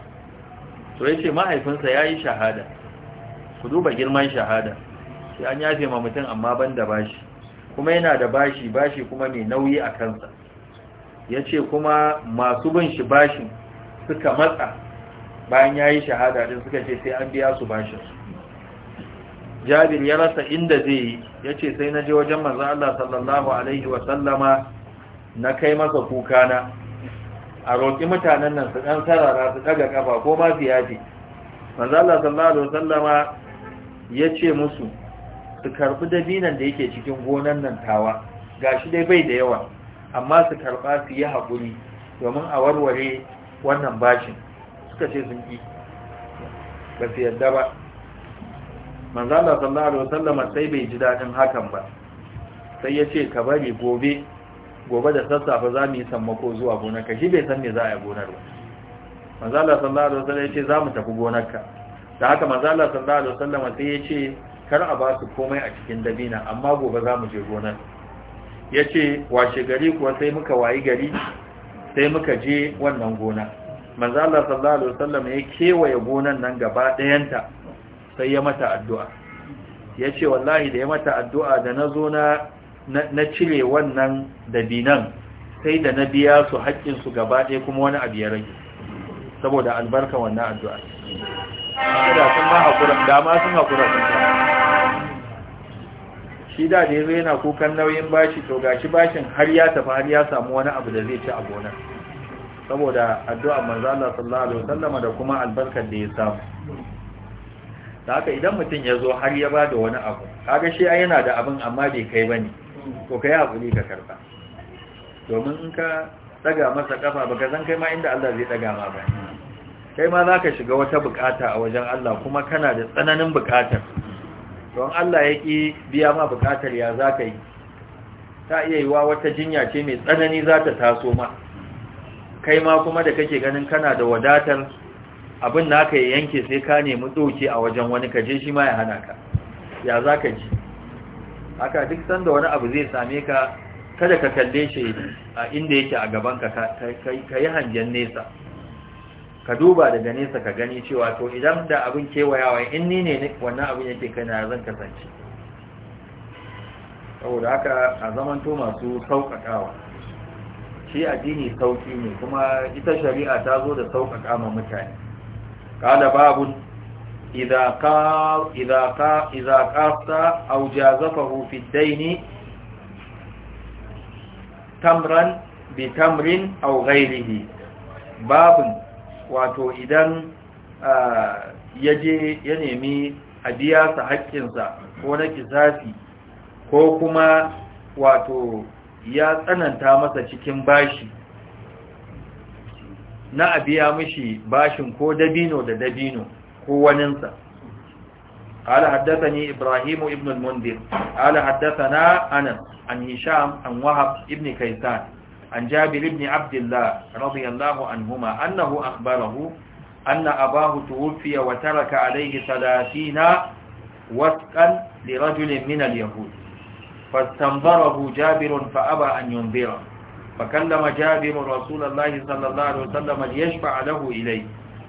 to yace mahaifinsa yayi shahada ku duba girman shahada sai an yafe ma mutum amma banda bashi kuma yana da bashi bashi kuma mai nauyi a kansa yace kuma masu bin shi bashin suka matsa bayan yayi shahada din suka ce sai an biya su bashin su jabir ya rasa inda zai yi ya ce sai na je wajen maza Allah sallallahu Alaihi wasallama na kai masa kukana a roƙi mutanen nan su ɗan sarara su ɗaga ƙafa ko ma su yaji maza Allah sallallahu wasallama ya ce musu su karɓi dabinan da yake cikin gonan nan tawa ga shi dai bai da yawa amma su karɓa su yi haƙuri domin a warware wannan bashin suka ce sun ƙi ba su yadda ba manzala sallallahu alaihi wasallama sai bai ji dadin hakan ba sai ya ce ka bari gobe gobe da sassafe za mu yi sammako zuwa gonarka shi bai san me za a yi gonar ba manzala sallallahu alaihi wasallam ya ce za mu tafi gonarka da haka manzala sallallahu alaihi wasallama sai ya ce kar a ba su komai a cikin dabina amma gobe za mu je gonar ya ce washe gari kuwa sai muka wayi gari sai muka je wannan gona manzala sallallahu alaihi wasallam ya kewaye gonan nan gaba ɗayanta sai ya mata addu'a ya ce wallahi da ya mata addu'a da na zo na cire wannan dabinan sai da na biya su haƙƙinsu gaba ɗaya kuma wani abu ya rage saboda albarka wannan addu'a da sun ma da ma sun haƙura sun ta shi da ne zai yana kukan nauyin bashi to gashi bashin har ya tafi har ya samu wani abu da zai ci a gona saboda addu'a manzo Allah sallallahu alaihi wasallama da kuma albarkar da ya samu da haka idan mutum ya zo har ya ba da wani abu kaga shi yana da abin amma bai kai ba ne Ko kai a haƙuri ka karfa domin in ka daga masa ƙafa ba zan kai ma inda Allah zai ɗaga ma ba kai ma za ka shiga wata buƙata a wajen Allah kuma kana da tsananin buƙatar don Allah ya ƙi biya ma buƙatar ya za ka yi ta iya yiwa wata jinya ce mai tsanani za ta taso ma kai ma kuma da kake ganin kana da wadatar abin naka ya yanke sai ka nemi tsoke a wajen wani ka je shi ma ya hana ka ya za ka ji haka duk sanda wani abu zai same ka kada ka kalle shi a inda yake a gaban ka ka yi hangen nesa ka duba daga nesa ka gani cewa to idan da abin kewayawa in ni ne wannan abin yake kana zan kasance saboda haka a to masu sauƙaƙawa shi addini sauƙi ne kuma ita shari'a ta zo da sauƙaƙa ma mutane قال باب إذا قال إذا قال إذا قاص أو جازفه في الدين تمرا بتمر أو غيره باب wato idan ya je ya nemi a biyasa haƙƙinsa ko na kisasi ko kuma wato ya tsananta masa cikin bashi na a biya mishi bashin ko dabino da dabino ko waninsa قال حدثني إبراهيم ابن المنذر قال حدثنا أنا عن هشام عن وهب ابن كيسان عن جابر ابن عبد الله رضي الله عنهما أنه أخبره أن أباه توفي وترك عليه ثلاثين وسقا لرجل من اليهود فاستنظره جابر فأبى أن ينذره فكلم جابر رسول الله صلى الله عليه وسلم ليشفع له إليه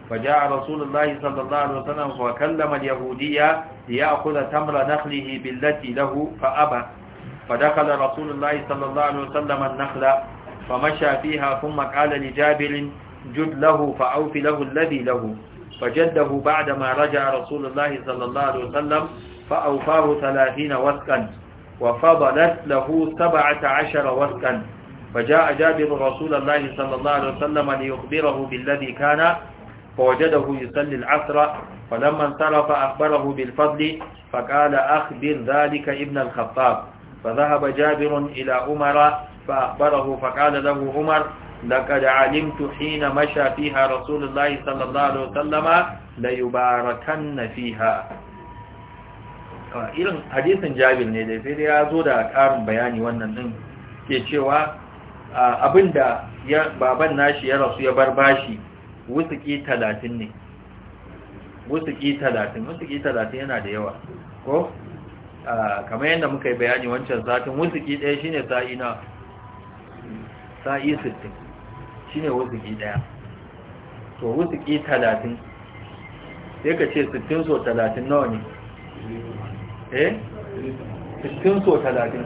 فجاء رسول الله صلى الله عليه وسلم وكلم اليهودية ليأخذ تمر نخله بالتي له فأبى فدخل رسول الله صلى الله عليه وسلم النخلة فمشى فيها ثم قال لجابر جد له فأوف له الذي له فجده بعدما رجع رسول الله صلى الله عليه وسلم فأوفاه ثلاثين وسكا وفضلت له سبعة عشر وسكا فجاء جابر رسول الله صلى الله عليه وسلم ليخبره بالذي كان فوجده يصلي العصر فلما انصرف أخبره بالفضل فقال أخبر ذلك ابن الخطاب فذهب جابر إلى عمر فأخبره فقال له عمر لقد علمت حين مشى فيها رسول الله صلى الله عليه وسلم ليباركن فيها irin hadisin jabir ne da sai ya zo da ƙarin bayani wannan din ke cewa abin da baban nashi ya rasu ya bar bashi wusuki talatin ne wusuki talatin wusuki talatin yana da yawa ko kamar yadda muka yi bayani wancan satin wusuki ɗaya shine sa'i na sa'i sittin shine wusuki ɗaya to wusuki talatin sai ka ce sittin so talatin nawa ne eh sittin so talatin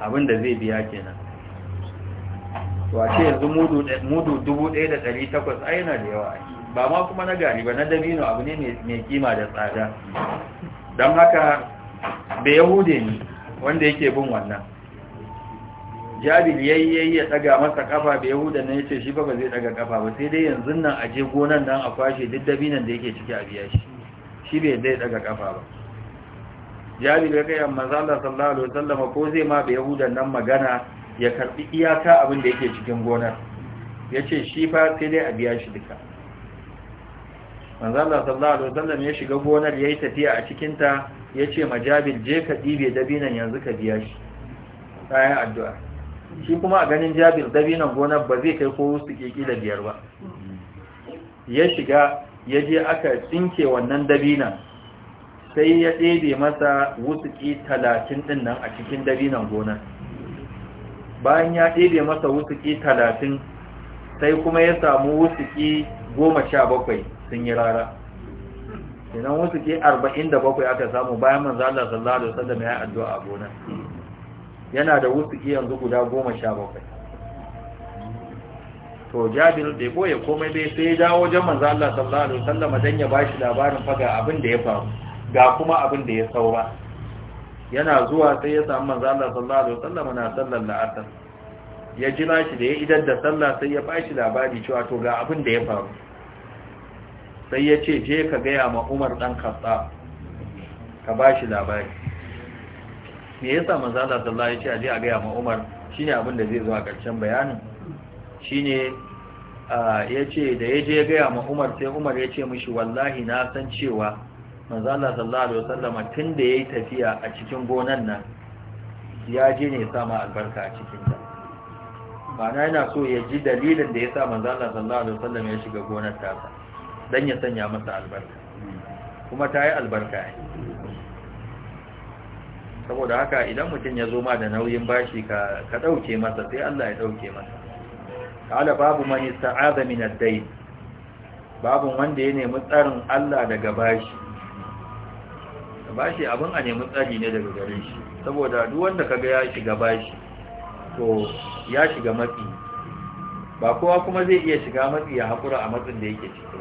abin da zai biya kenan wace yanzu mudu 1,800 a yana da yawa ba ma kuma na gari ba na dabino abu ne mai kima da tsada don haka da yahude ne wanda yake bin wannan jabir yayi ya daga masa kafa da yahuda ne yace shi ba ba zai daga kafa ba sai dai yanzu nan a je gonan nan a kwashe duk dabinan da yake ciki a biya shi shi bai zai daga kafa ba jari ya amma manzala sallallahu alaihi wasallam ko zai ma da yahudan nan magana ya karbi iyaka abin da yake cikin gonar yace shi fa sai dai a biya shi duka manzala sallallahu alaihi wasallam ya shiga gonar yayi tafiya a cikin ta yace majabil je ka dibe dabinan yanzu ka biya shi bayan addu'a shi kuma a ganin jabir dabinan gonar ba zai kai ko wasu da biyar ba ya shiga ya je aka tsinke wannan dabinan sai ya ɗebe masa wutuki talatin ɗin nan a cikin dabinan gona. bayan ya ɗebe masa wutuki talatin sai kuma ya samu wutuki goma sha bakwai sun yi rara idan wutuki arba'in da bakwai aka samu bayan manzo Allah sallallahu alaihi wasallam ya addu'a a gona, yana da wutuki yanzu guda goma sha bakwai to jabir ya koya komai bai sai ya dawo wajen manzo Allah sallallahu alaihi wasallam dan ya bashi labarin faga abin da ya faru ga kuma abin da ya saura yana zuwa sai ya samu manzo Allah sallallahu alaihi wasallam na sallar la'asar ya jira shi da ya idar da sallah sai ya bashi labari cewa to ga abin da ya faru sai ya ce je ka gaya ma Umar dan Khattab ka bashi labari me yasa manzo Allah sallallahu alaihi wasallam ya ce a a gaya ma Umar shine abin da zai zo a ƙarshen bayanin shine ah, ya ce da ya je gaya ma umar sai umar ya ce mishi wallahi na san cewa manzo Allah sallallahu alaihi wasallam tun da yayi tafiya a cikin gonan nan ya je ne sama albarka a cikin ta ma'ana yana so ya ji dalilin da ya sa manzo Allah sallallahu alaihi wasallam ya shiga gonar tasa dan ya sanya masa albarka kuma ta yi albarka saboda haka idan mutum ya zo ma da nauyin bashi ka ka dauke masa sai Allah ya dauke masa qala babu man ista'adha min ad-dayn babu wanda ya nemi tsarin Allah daga bashi bashi abin a nemi tsari ne daga gare shi saboda duk wanda kaga ya shiga bashi to ya shiga matsi ba kowa kuma zai iya shiga matsi ya haƙura a matsin da yake ciki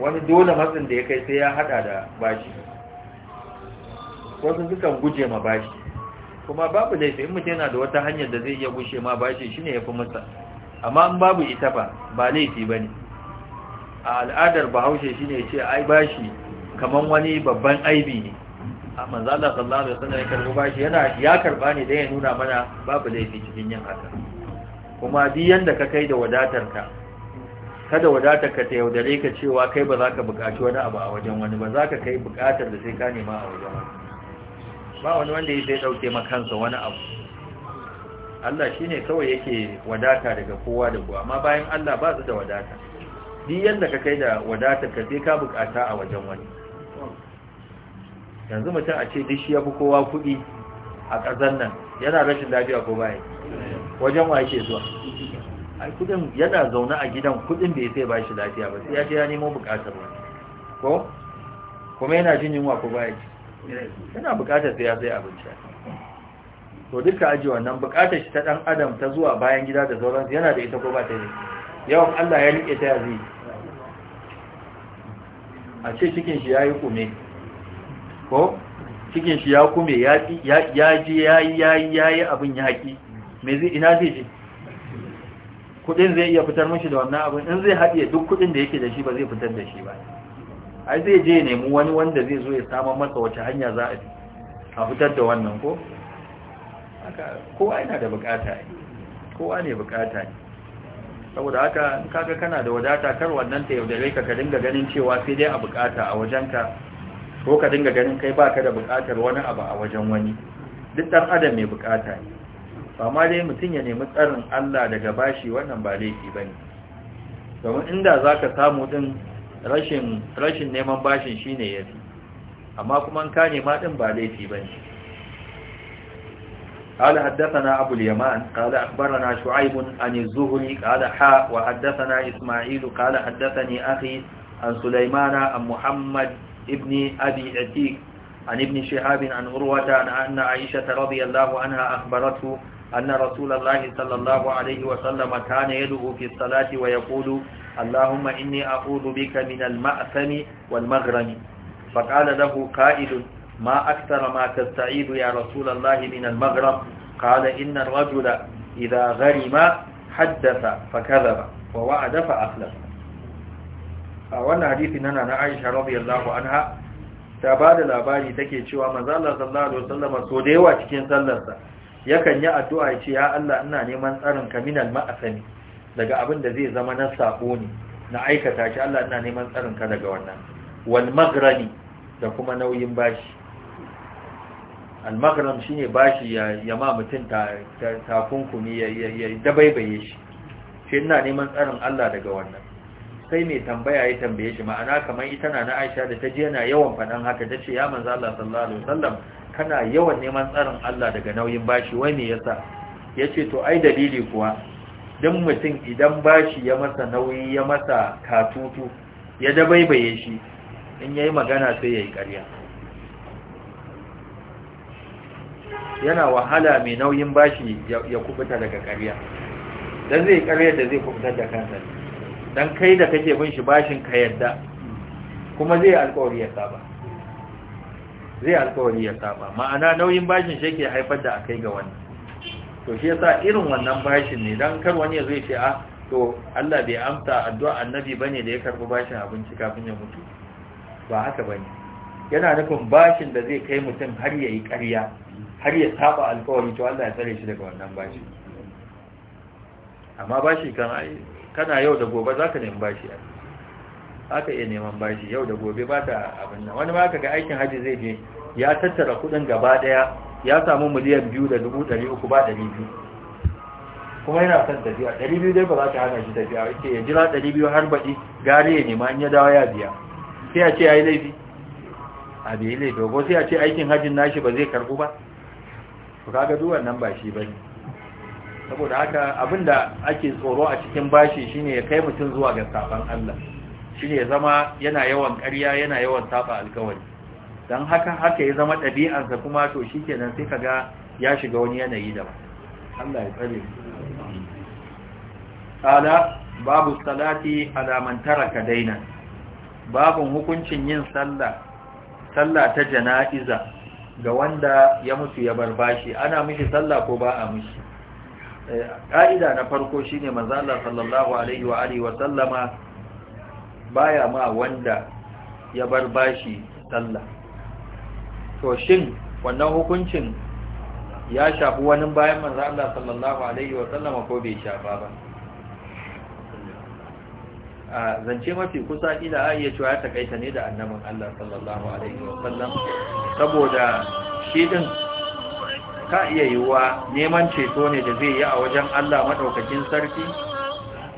wani dole matsin da ya kai sai ya haɗa da bashi wasu sukan guje ma bashi kuma babu laifi in mutum yana da wata hanyar da zai iya gushe ma bashi shine ya fi masa amma in babu ita ba ba laifi ba ne a al'adar bahaushe shi ne ce ai bashi kamar wani babban aibi ne manzo Allah sallallahu alaihi wasallam ya karbo bashi yana ya karba ne dai ya nuna mana babu laifi cikin yin haka kuma bi yanda ka kai da wadatarka kada wadatarka ta yaudare ka cewa kai ba za ka buƙaci wani abu a wajen wani ba za ka kai buƙatar da sai ka nema a wajen wani ba wani wanda ya zai ɗauke makansa wani abu Allah shi ne kawai yake wadata daga kowa da kowa amma bayan Allah ba su da wadata bi yanda ka kai da wadatarka sai ka buƙata a wajen wani yanzu mutum a ce duk shi ya fi kowa kuɗi a ƙasar nan yana rashin lafiya ko baya wajen wa yake zuwa ai kudin yana zaune a gidan kudin bai sai ba shi lafiya ba sai ya ce ya nemo bukatar wani ko kuma yana jin yunwa ko baya yana bukatar sai ya sai abinci to duka aji wannan bukatar shi ta dan adam ta zuwa bayan gida da sauransu yana da ita ko ba ta ne yawan Allah ya rike ta ya zai a ce cikin shi ya yi kume ko cikin shi ya kume ya ji ya yi ya yi ya yi abin ya mai zai ina zai ji kudin zai iya fitar mashi da wannan abin in zai haɗe duk kudin da yake da shi ba zai fitar da shi ba ai zai je nemi wani wanda zai zo ya saman masa wace hanya za a bi a fitar da wannan ko kowa yana da bukata ne kowa ne bukata ne saboda haka in kaga kana da wadata kar wannan ta yaudare ka ka dinga ganin cewa sai dai a bukata a wajenka ko ka dinga ganin kai ba ka da bukatar wani abu a wajen wani duk dan adam mai bukata ne amma dai mutum ya nemi tsarin Allah daga bashi wannan ba laifi bane domin inda zaka samu din rashin rashin neman bashin shine yafi amma kuma ka nema din ba laifi bane قال حدثنا أبو اليمان قال أخبرنا شعيب عن الزهري قال حاء وحدثنا إسماعيل قال حدثني أخي عن سليمان عن محمد ابن أبي عتيق عن ابن شهاب عن عروة عن أن عائشة رضي الله عنها أخبرته أن رسول الله صلى الله عليه وسلم كان يدعو في الصلاة ويقول اللهم إني أعوذ بك من المأثم والمغرم فقال له قائل ما أكثر ما تستعيد يا رسول الله من المغرم قال إن الرجل إذا غرم حدث فكذب ووعد فأخلف a wannan hadisi nana na Aisha radiyallahu anha ta ba da labari take cewa manzo Allah sallallahu alaihi wasallam so da yawa cikin sallarsa yakan yi addu'a ya ce ya Allah ina neman tsarin ka minal ma'asani daga abin da zai zama na sako ne na aikata shi Allah ina neman tsarin ka daga wannan wal maghrani da kuma nauyin bashi al maghram shine bashi ya ma mutun ta takunkumi ya dabaibaye shi sai ina neman tsarin Allah daga wannan sai mai tambaya ya tambaye shi ma'ana kamar ita na na Aisha da ta je yana yawan faɗan haka ta ce ya manzo Allah sallallahu alaihi wasallam kana yawan neman tsarin Allah daga nauyin bashi wai me yasa yace to ai dalili kuwa dan mutum idan bashi ya masa nauyi ya masa katutu ya dabaibaye shi in yayi magana sai yayi ƙarya yana wahala mai nauyin bashi ya kubuta daga ƙarya dan zai ƙarya da zai kubutar da kansa dan kai da kake bin shi bashin ka yadda kuma zai alƙawari ya saba zai alƙawari ya saba ma'ana nauyin bashin shi ke haifar da akai ga wannan to shi yasa irin wannan bashin ne dan kar wani ya zo ya ce a ah, to Allah bai amsa addu'a annabi bane da ya karbi bashin abinci kafin ya mutu ba haka bane yana nufin bashin da zai kai mutum har ya yi ƙarya har ya saba alƙawari to Allah ya tsare shi daga wannan bashin amma bashi kan ai kana yau da gobe za ka nemi bashi haka iya neman bashi yau da gobe ba ta abin nan wani ma ka ga aikin hajji zai je ya tattara kudin gaba daya ya samu miliyan biyu da dubu ɗari uku ba ɗari biyu kuma yana son tafiya ɗari biyu dai ba za ta hana shi tafiya ake ya jira ɗari biyu har baɗi gari ya nema an ya dawo ya biya sai a ce ya yi laifi a bai yi laifi ko sai a ce aikin hajjin nashi ba zai karbu ba to kaga duk wannan ba shi ba ne saboda haka abinda ake tsoro a cikin bashi shine ya kai mutum zuwa ga saban Allah shine ya zama yana yawan ƙarya yana yawan saba alƙawari, dan haka haka ya zama sa kuma to shikenan sai kaga ya shiga wani yanayi da Allah ya tsare ala babu salati ala man taraka daina babun hukuncin yin sallah sallah ta jana'iza ga wanda ya mutu ya bar bashi ana mishi sallah ko ba a mishi ƙa'ida na farko shi ne Allah sallallahu alaihi wa wa sallama baya ma wanda ya bar bashi sallah to shin wannan hukuncin ya shafi wani bayan manzo sallallahu alaihi wa sallama ko bai shafa ba a zance mafi kusa ila a iya cewa ya takaita ne da annabin Allah sallallahu alaihi wa sallam saboda shi din ka iya yiwuwa neman ceto ne da zai yi a wajen Allah maɗaukakin sarki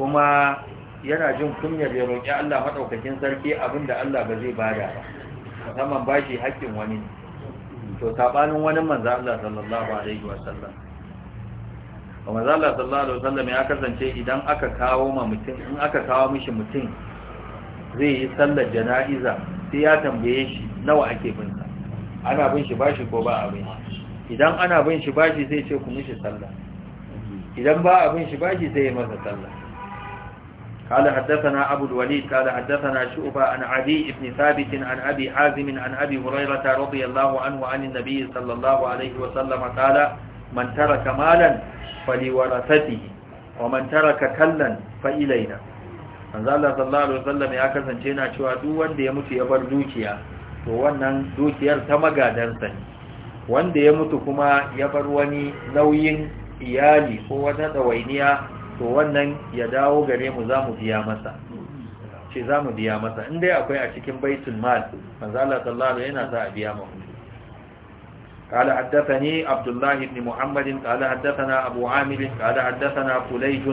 kuma yana jin kunyar ya roƙi Allah maɗaukakin sarki abinda Allah ba zai bada ba musamman ba shi haƙƙin wani ne to saɓanin wani manza Allah sallallahu alaihi wasallam manza Allah sallallahu alaihi wasallam ya kasance idan aka kawo ma mutum in aka kawo mishi mutum zai yi sallar jana'iza sai ya tambaye shi nawa ake bin sa ana bin shi ba shi ko ba bin shi idan ana bin shi bashi zai ce ku mishi sallah idan ba abin shi bashi zai yi masa sallah قال حدثنا أبو الوليد قال حدثنا شؤبة عن عدي بن ثابت عن أبي حازم عن أبي هريرة رضي الله عنه عن النبي صلى الله عليه وسلم قال من ترك مالا فلورثته ومن ترك كلا فإلينا manzo Allah sallallahu ya kasance yana cewa duk wanda ya mutu ya bar dukiya to wannan dukiyar ta magadansa ne wanda ya mutu kuma ya bar wani nauyin iyali ko wata ɗawainiya to wannan ya dawo gare mu za mu biya masa ce za mu biya masa in dai akwai a cikin baitul mal manzala sallallahu yana sa a biya mu قال حدثني عبد الله بن محمد قال حدثنا أبو عامر قال حدثنا قليج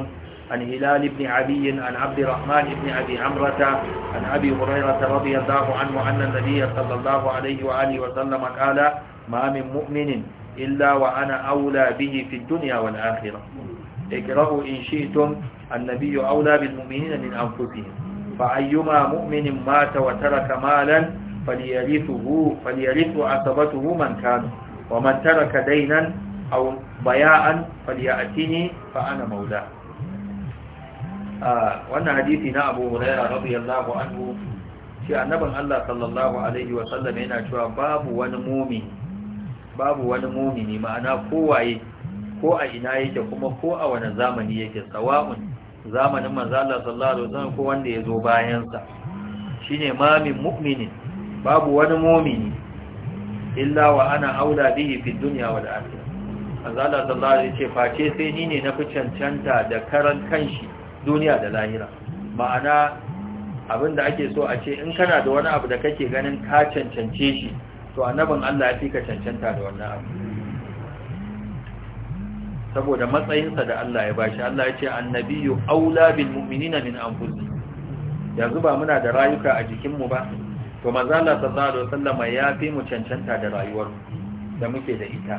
عن هلال بن عبي عن عبد الرحمن بن أبي عمرة عن أبي هريرة رضي الله عنه أن النبي صلى الله عليه وآله وسلم قال ma min mu'minin illa wa ana aula bihi fi dunya wal akhirah ikrahu in shi'tum annabiyyu aula bil mu'minina min anfusihim fa ayyuma mu'minin mata wa taraka malan فليرثه فليرث عصبته Wa كان ومن ترك دينا أو بياء fa ana maula. wannan hadisi na Abu Huraira radiyallahu anhu shi annabin Allah sallallahu alaihi wa sallam yana cewa babu wani mumi babu wani mumini ma'ana kowaye ko a ina yake kuma ko a wani zamani yake sawa'un zamanin manzo Allah sallallahu alaihi wasallam ko wanda ya zo bayan sa shine ma min mu'minin babu wani mu'mini illa wa ana aula bihi fi dunya wal akhirah manzo sallallahu alaihi ce face sai ni ne na fi cancanta da karan kanshi duniya da lahira ma'ana abinda ake so a ce in kana da wani abu da kake ganin ka cancance shi to annabin Allah ya fi ka cancanta da wannan abu saboda matsayinsa da Allah ya bashi Allah ya ce annabiyu aula bil mu'minina min anfusi yanzu ba muna da rayuka a jikinmu ba to manzo Allah sallallahu alaihi wasallam ya fi mu cancanta da rayuwar da muke da ita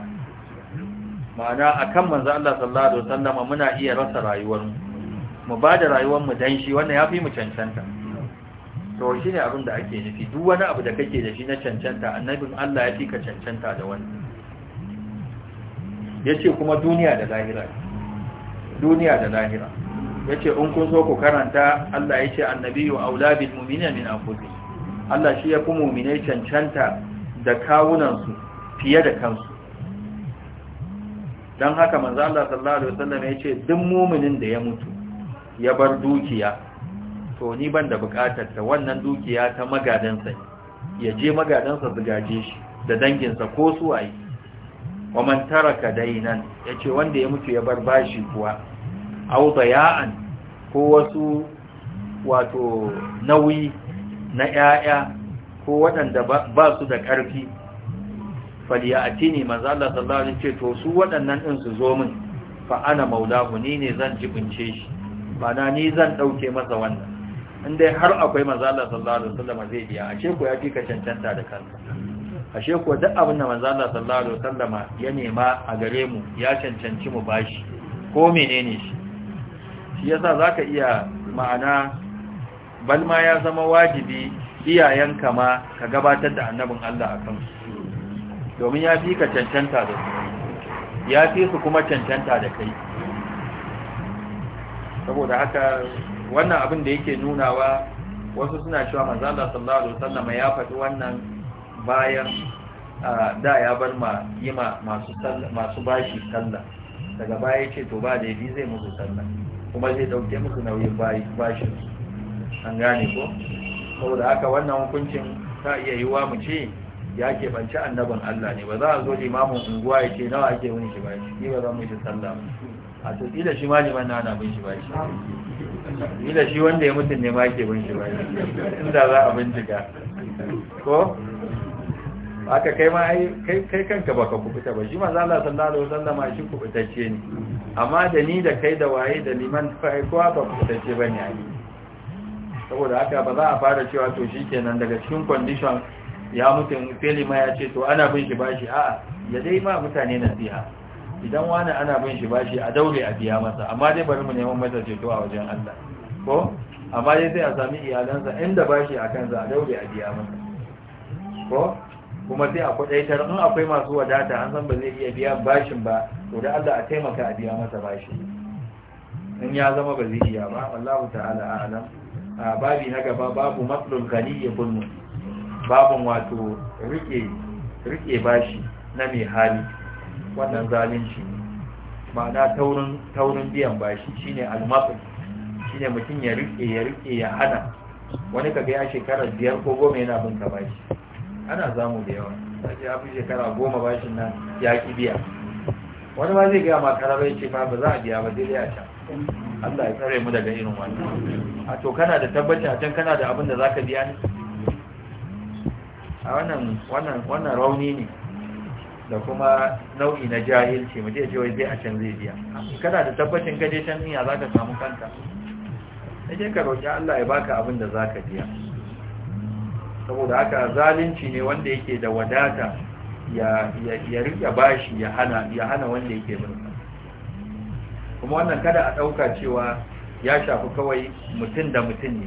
ma'ana akan manzo Allah sallallahu alaihi wasallam muna iya rasa rayuwar mu ba da rayuwar mu dan shi wannan ya fi mu cancanta to shi ne abin da ake nufi duk wani abu da kake da shi na cancanta annabin Allah ya fi ka cancanta da wani ya ce kuma duniya da lahira duniya da lahira ya ce in kun so ku karanta Allah ya ce annabi wa aulabin mumina min afuzi Allah shi ya fi muminai cancanta da kawunansu fiye da kansu don haka manzo Allah sallallahu alaihi wasallam ya ce duk muminin da ya mutu ya bar dukiya to ni ban da bukatar ta wannan dukiya ta magadansa ya je magadansa su gaje shi da danginsa ko su ayi. wa man taraka dainan yace wanda ya mutu ya bar bashi kuwa au daya'an ko wasu wato nauyi na 'ya'ya ko waɗanda ba su da ƙarfi faliyati ne manzo Allah sallallahu alaihi ce to su waɗannan din su zo min fa ana maulahu ni ne zan jibince shi ba ni zan dauke masa wannan in dai har akwai manzo Allah sallallahu alaihi wasallam zai biya ashe ko ya fi ka cancanta da kansa! ashe ko duk abin da manzo Allah sallallahu alaihi wasallam ya nema a gare mu ya cancanci mu bashi ko menene shi shi yasa zaka iya ma'ana balma ya zama wajibi iyayenka ma ka gabatar da annabin Allah a kansu. domin ya fi ka cancanta da su ya fi su kuma cancanta da kai saboda haka wannan abin da yake nunawa wasu suna cewa manzo sallallahu alaihi wasallam ya faɗi wannan bayan da ya bar ma yima masu masu bashi sallah daga baya yace to ba da yi zai musu sallah kuma zai dauke musu nauyin bayi bashin an gane ko saboda haka wannan hukuncin ta iya yiwa mu ce ya ke banci annabin Allah ne ba za a zo limamin unguwa ya ce nawa ake wuni shi ba shi ni ba zan mishi sallah ba a to kila shi ma liman na bin shi shi kila shi wanda ya mutum ne ma yake bin shi bashi inda za a bincika ko aka kai ma kai kanka baka kubuta ba shi manzo Allah sallallahu alaihi wasallam shi kubutacce ne amma da ni da kai da waye da liman fa kowa ba kubutacce bane ai saboda haka ba za a fara cewa to shikenan daga cikin condition ya mutum sai ma ya ce to ana bin shi bashi a'a ya dai ma mutane nasiha idan wani ana bin shi bashi a daure a biya masa amma dai bari mu neman masa ceto a wajen Allah ko amma dai sai a sami iyalansa inda bashi a kansa a daure a biya masa ko kuma sai a kudaitar in akwai masu wadata an san ba zai iya biya bashin ba to da Allah a taimaka a biya masa bashi in ya zama ba zai iya ba wallahu ta'ala a'lam a babi na gaba babu gani ya kunu, babun wato rike rike bashi na mai hali wannan zalunci ma'ana taurin taurin biyan bashi shine almasu, shine mutum ya rike ya rike ya hana wani kaga ya shekarar biyar ko goma yana bin ka bashi ana zamu da yawa sai ya fi shekara goma bashin nan ya ki biya wani ma zai gaya makara bai ce ba ba za a biya ba dai a can Allah ya tsare mu daga irin wannan a to kana da tabbacin a can kana da abin da zaka biya ne a wannan wannan wannan rauni ne da kuma nau'i na jahilci mu je wai zai a can zai biya kana da tabbacin gaje can za ka samu kanka je ka roki Allah ya baka abin da za biya saboda haka zalunci ne wanda yake da wadata ya riƙe bashi ya hana wanda yake binsa kuma wannan kada a ɗauka cewa ya shafi kawai mutum da mutum ne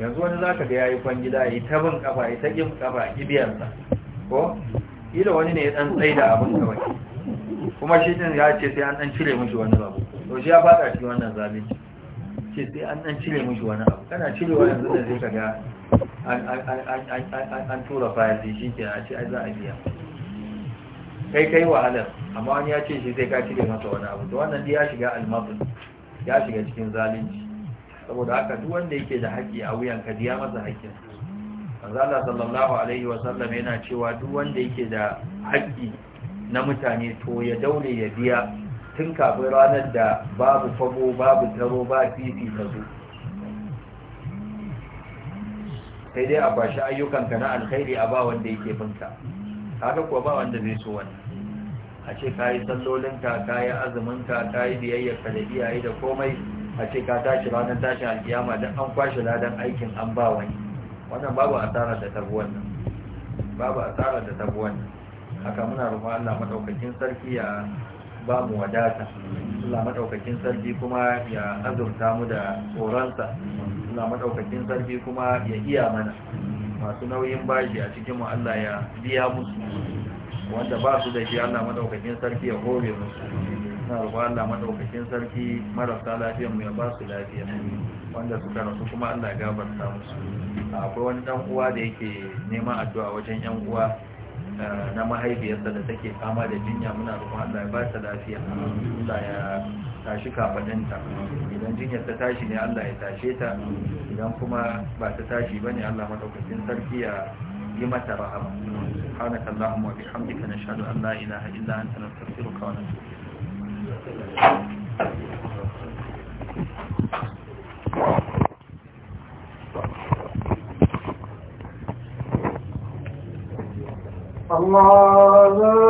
yanzu wani za ka ga yayi yi kwangida ya yi ta bin ƙafa ya ta ƙin ko kila wani ne ya dan tsaye da abin wani kuma shi din ya ce sai an dan cire mishi wani abu to shi ya fada shi wannan zalunci ce sai an dan cire mishi wani abu kana cirewa yanzu da zai ga an tura fayil shi ke a ce ai za a biya kai kai wahalar amma wani ya ce shi sai ka cire masa wani abu to wannan dai ya shiga almabul ya shiga cikin zalunci saboda haka duk wanda yake da haƙƙi a wuyan ka diya masa haƙƙinsa Allah sallallahu alaihi wasallam yana cewa duk wanda yake da haƙƙi na mutane to ya daure ya biya tun kafin ranar da babu fago babu taro ba fifi ta zo sai dai a bashi ayyukanka na alkhairi a ba wanda yake binka haka kuwa ba wanda zai so wani a ce ka yi sallolinka ka yi azuminka ka yi biyayyarka da iyaye da komai a ce ka tashi ranar tashin alkiyama don an kwashe ladan aikin an ba wani wannan babu asarar da tabu wannan babu asarar da tabu wannan haka muna roƙon Allah madaukakin sarki ya ba mu wadata Allah madaukakin sarki kuma ya azurta mu da tsoronsa Allah madaukakin sarki kuma ya iya mana masu nauyin bashi a cikin mu Allah ya biya musu wanda ba su da shi Allah madaukakin sarki ya hore musu na roƙon Allah madaukakin sarki marasa lafiyar mu ya ba su lafiya wanda suka rasu kuma Allah ya gafarta musu akwai wani dan uwa da yake neman addu'a wajen yan uwa eh, na mahaifiyarsa da take fama da jinya muna roƙon Allah ya ba ta lafiya Allah ya tashi kafadinta idan jinyar ta tashi ne Allah ya tashe ta idan kuma ba ta tashi bane Allah madaukakin sarki ya yi mata rahama subhanaka allahumma wa bihamdika nashhadu an la ilaha illa anta nastaghfiruka wa natubu Thank Allah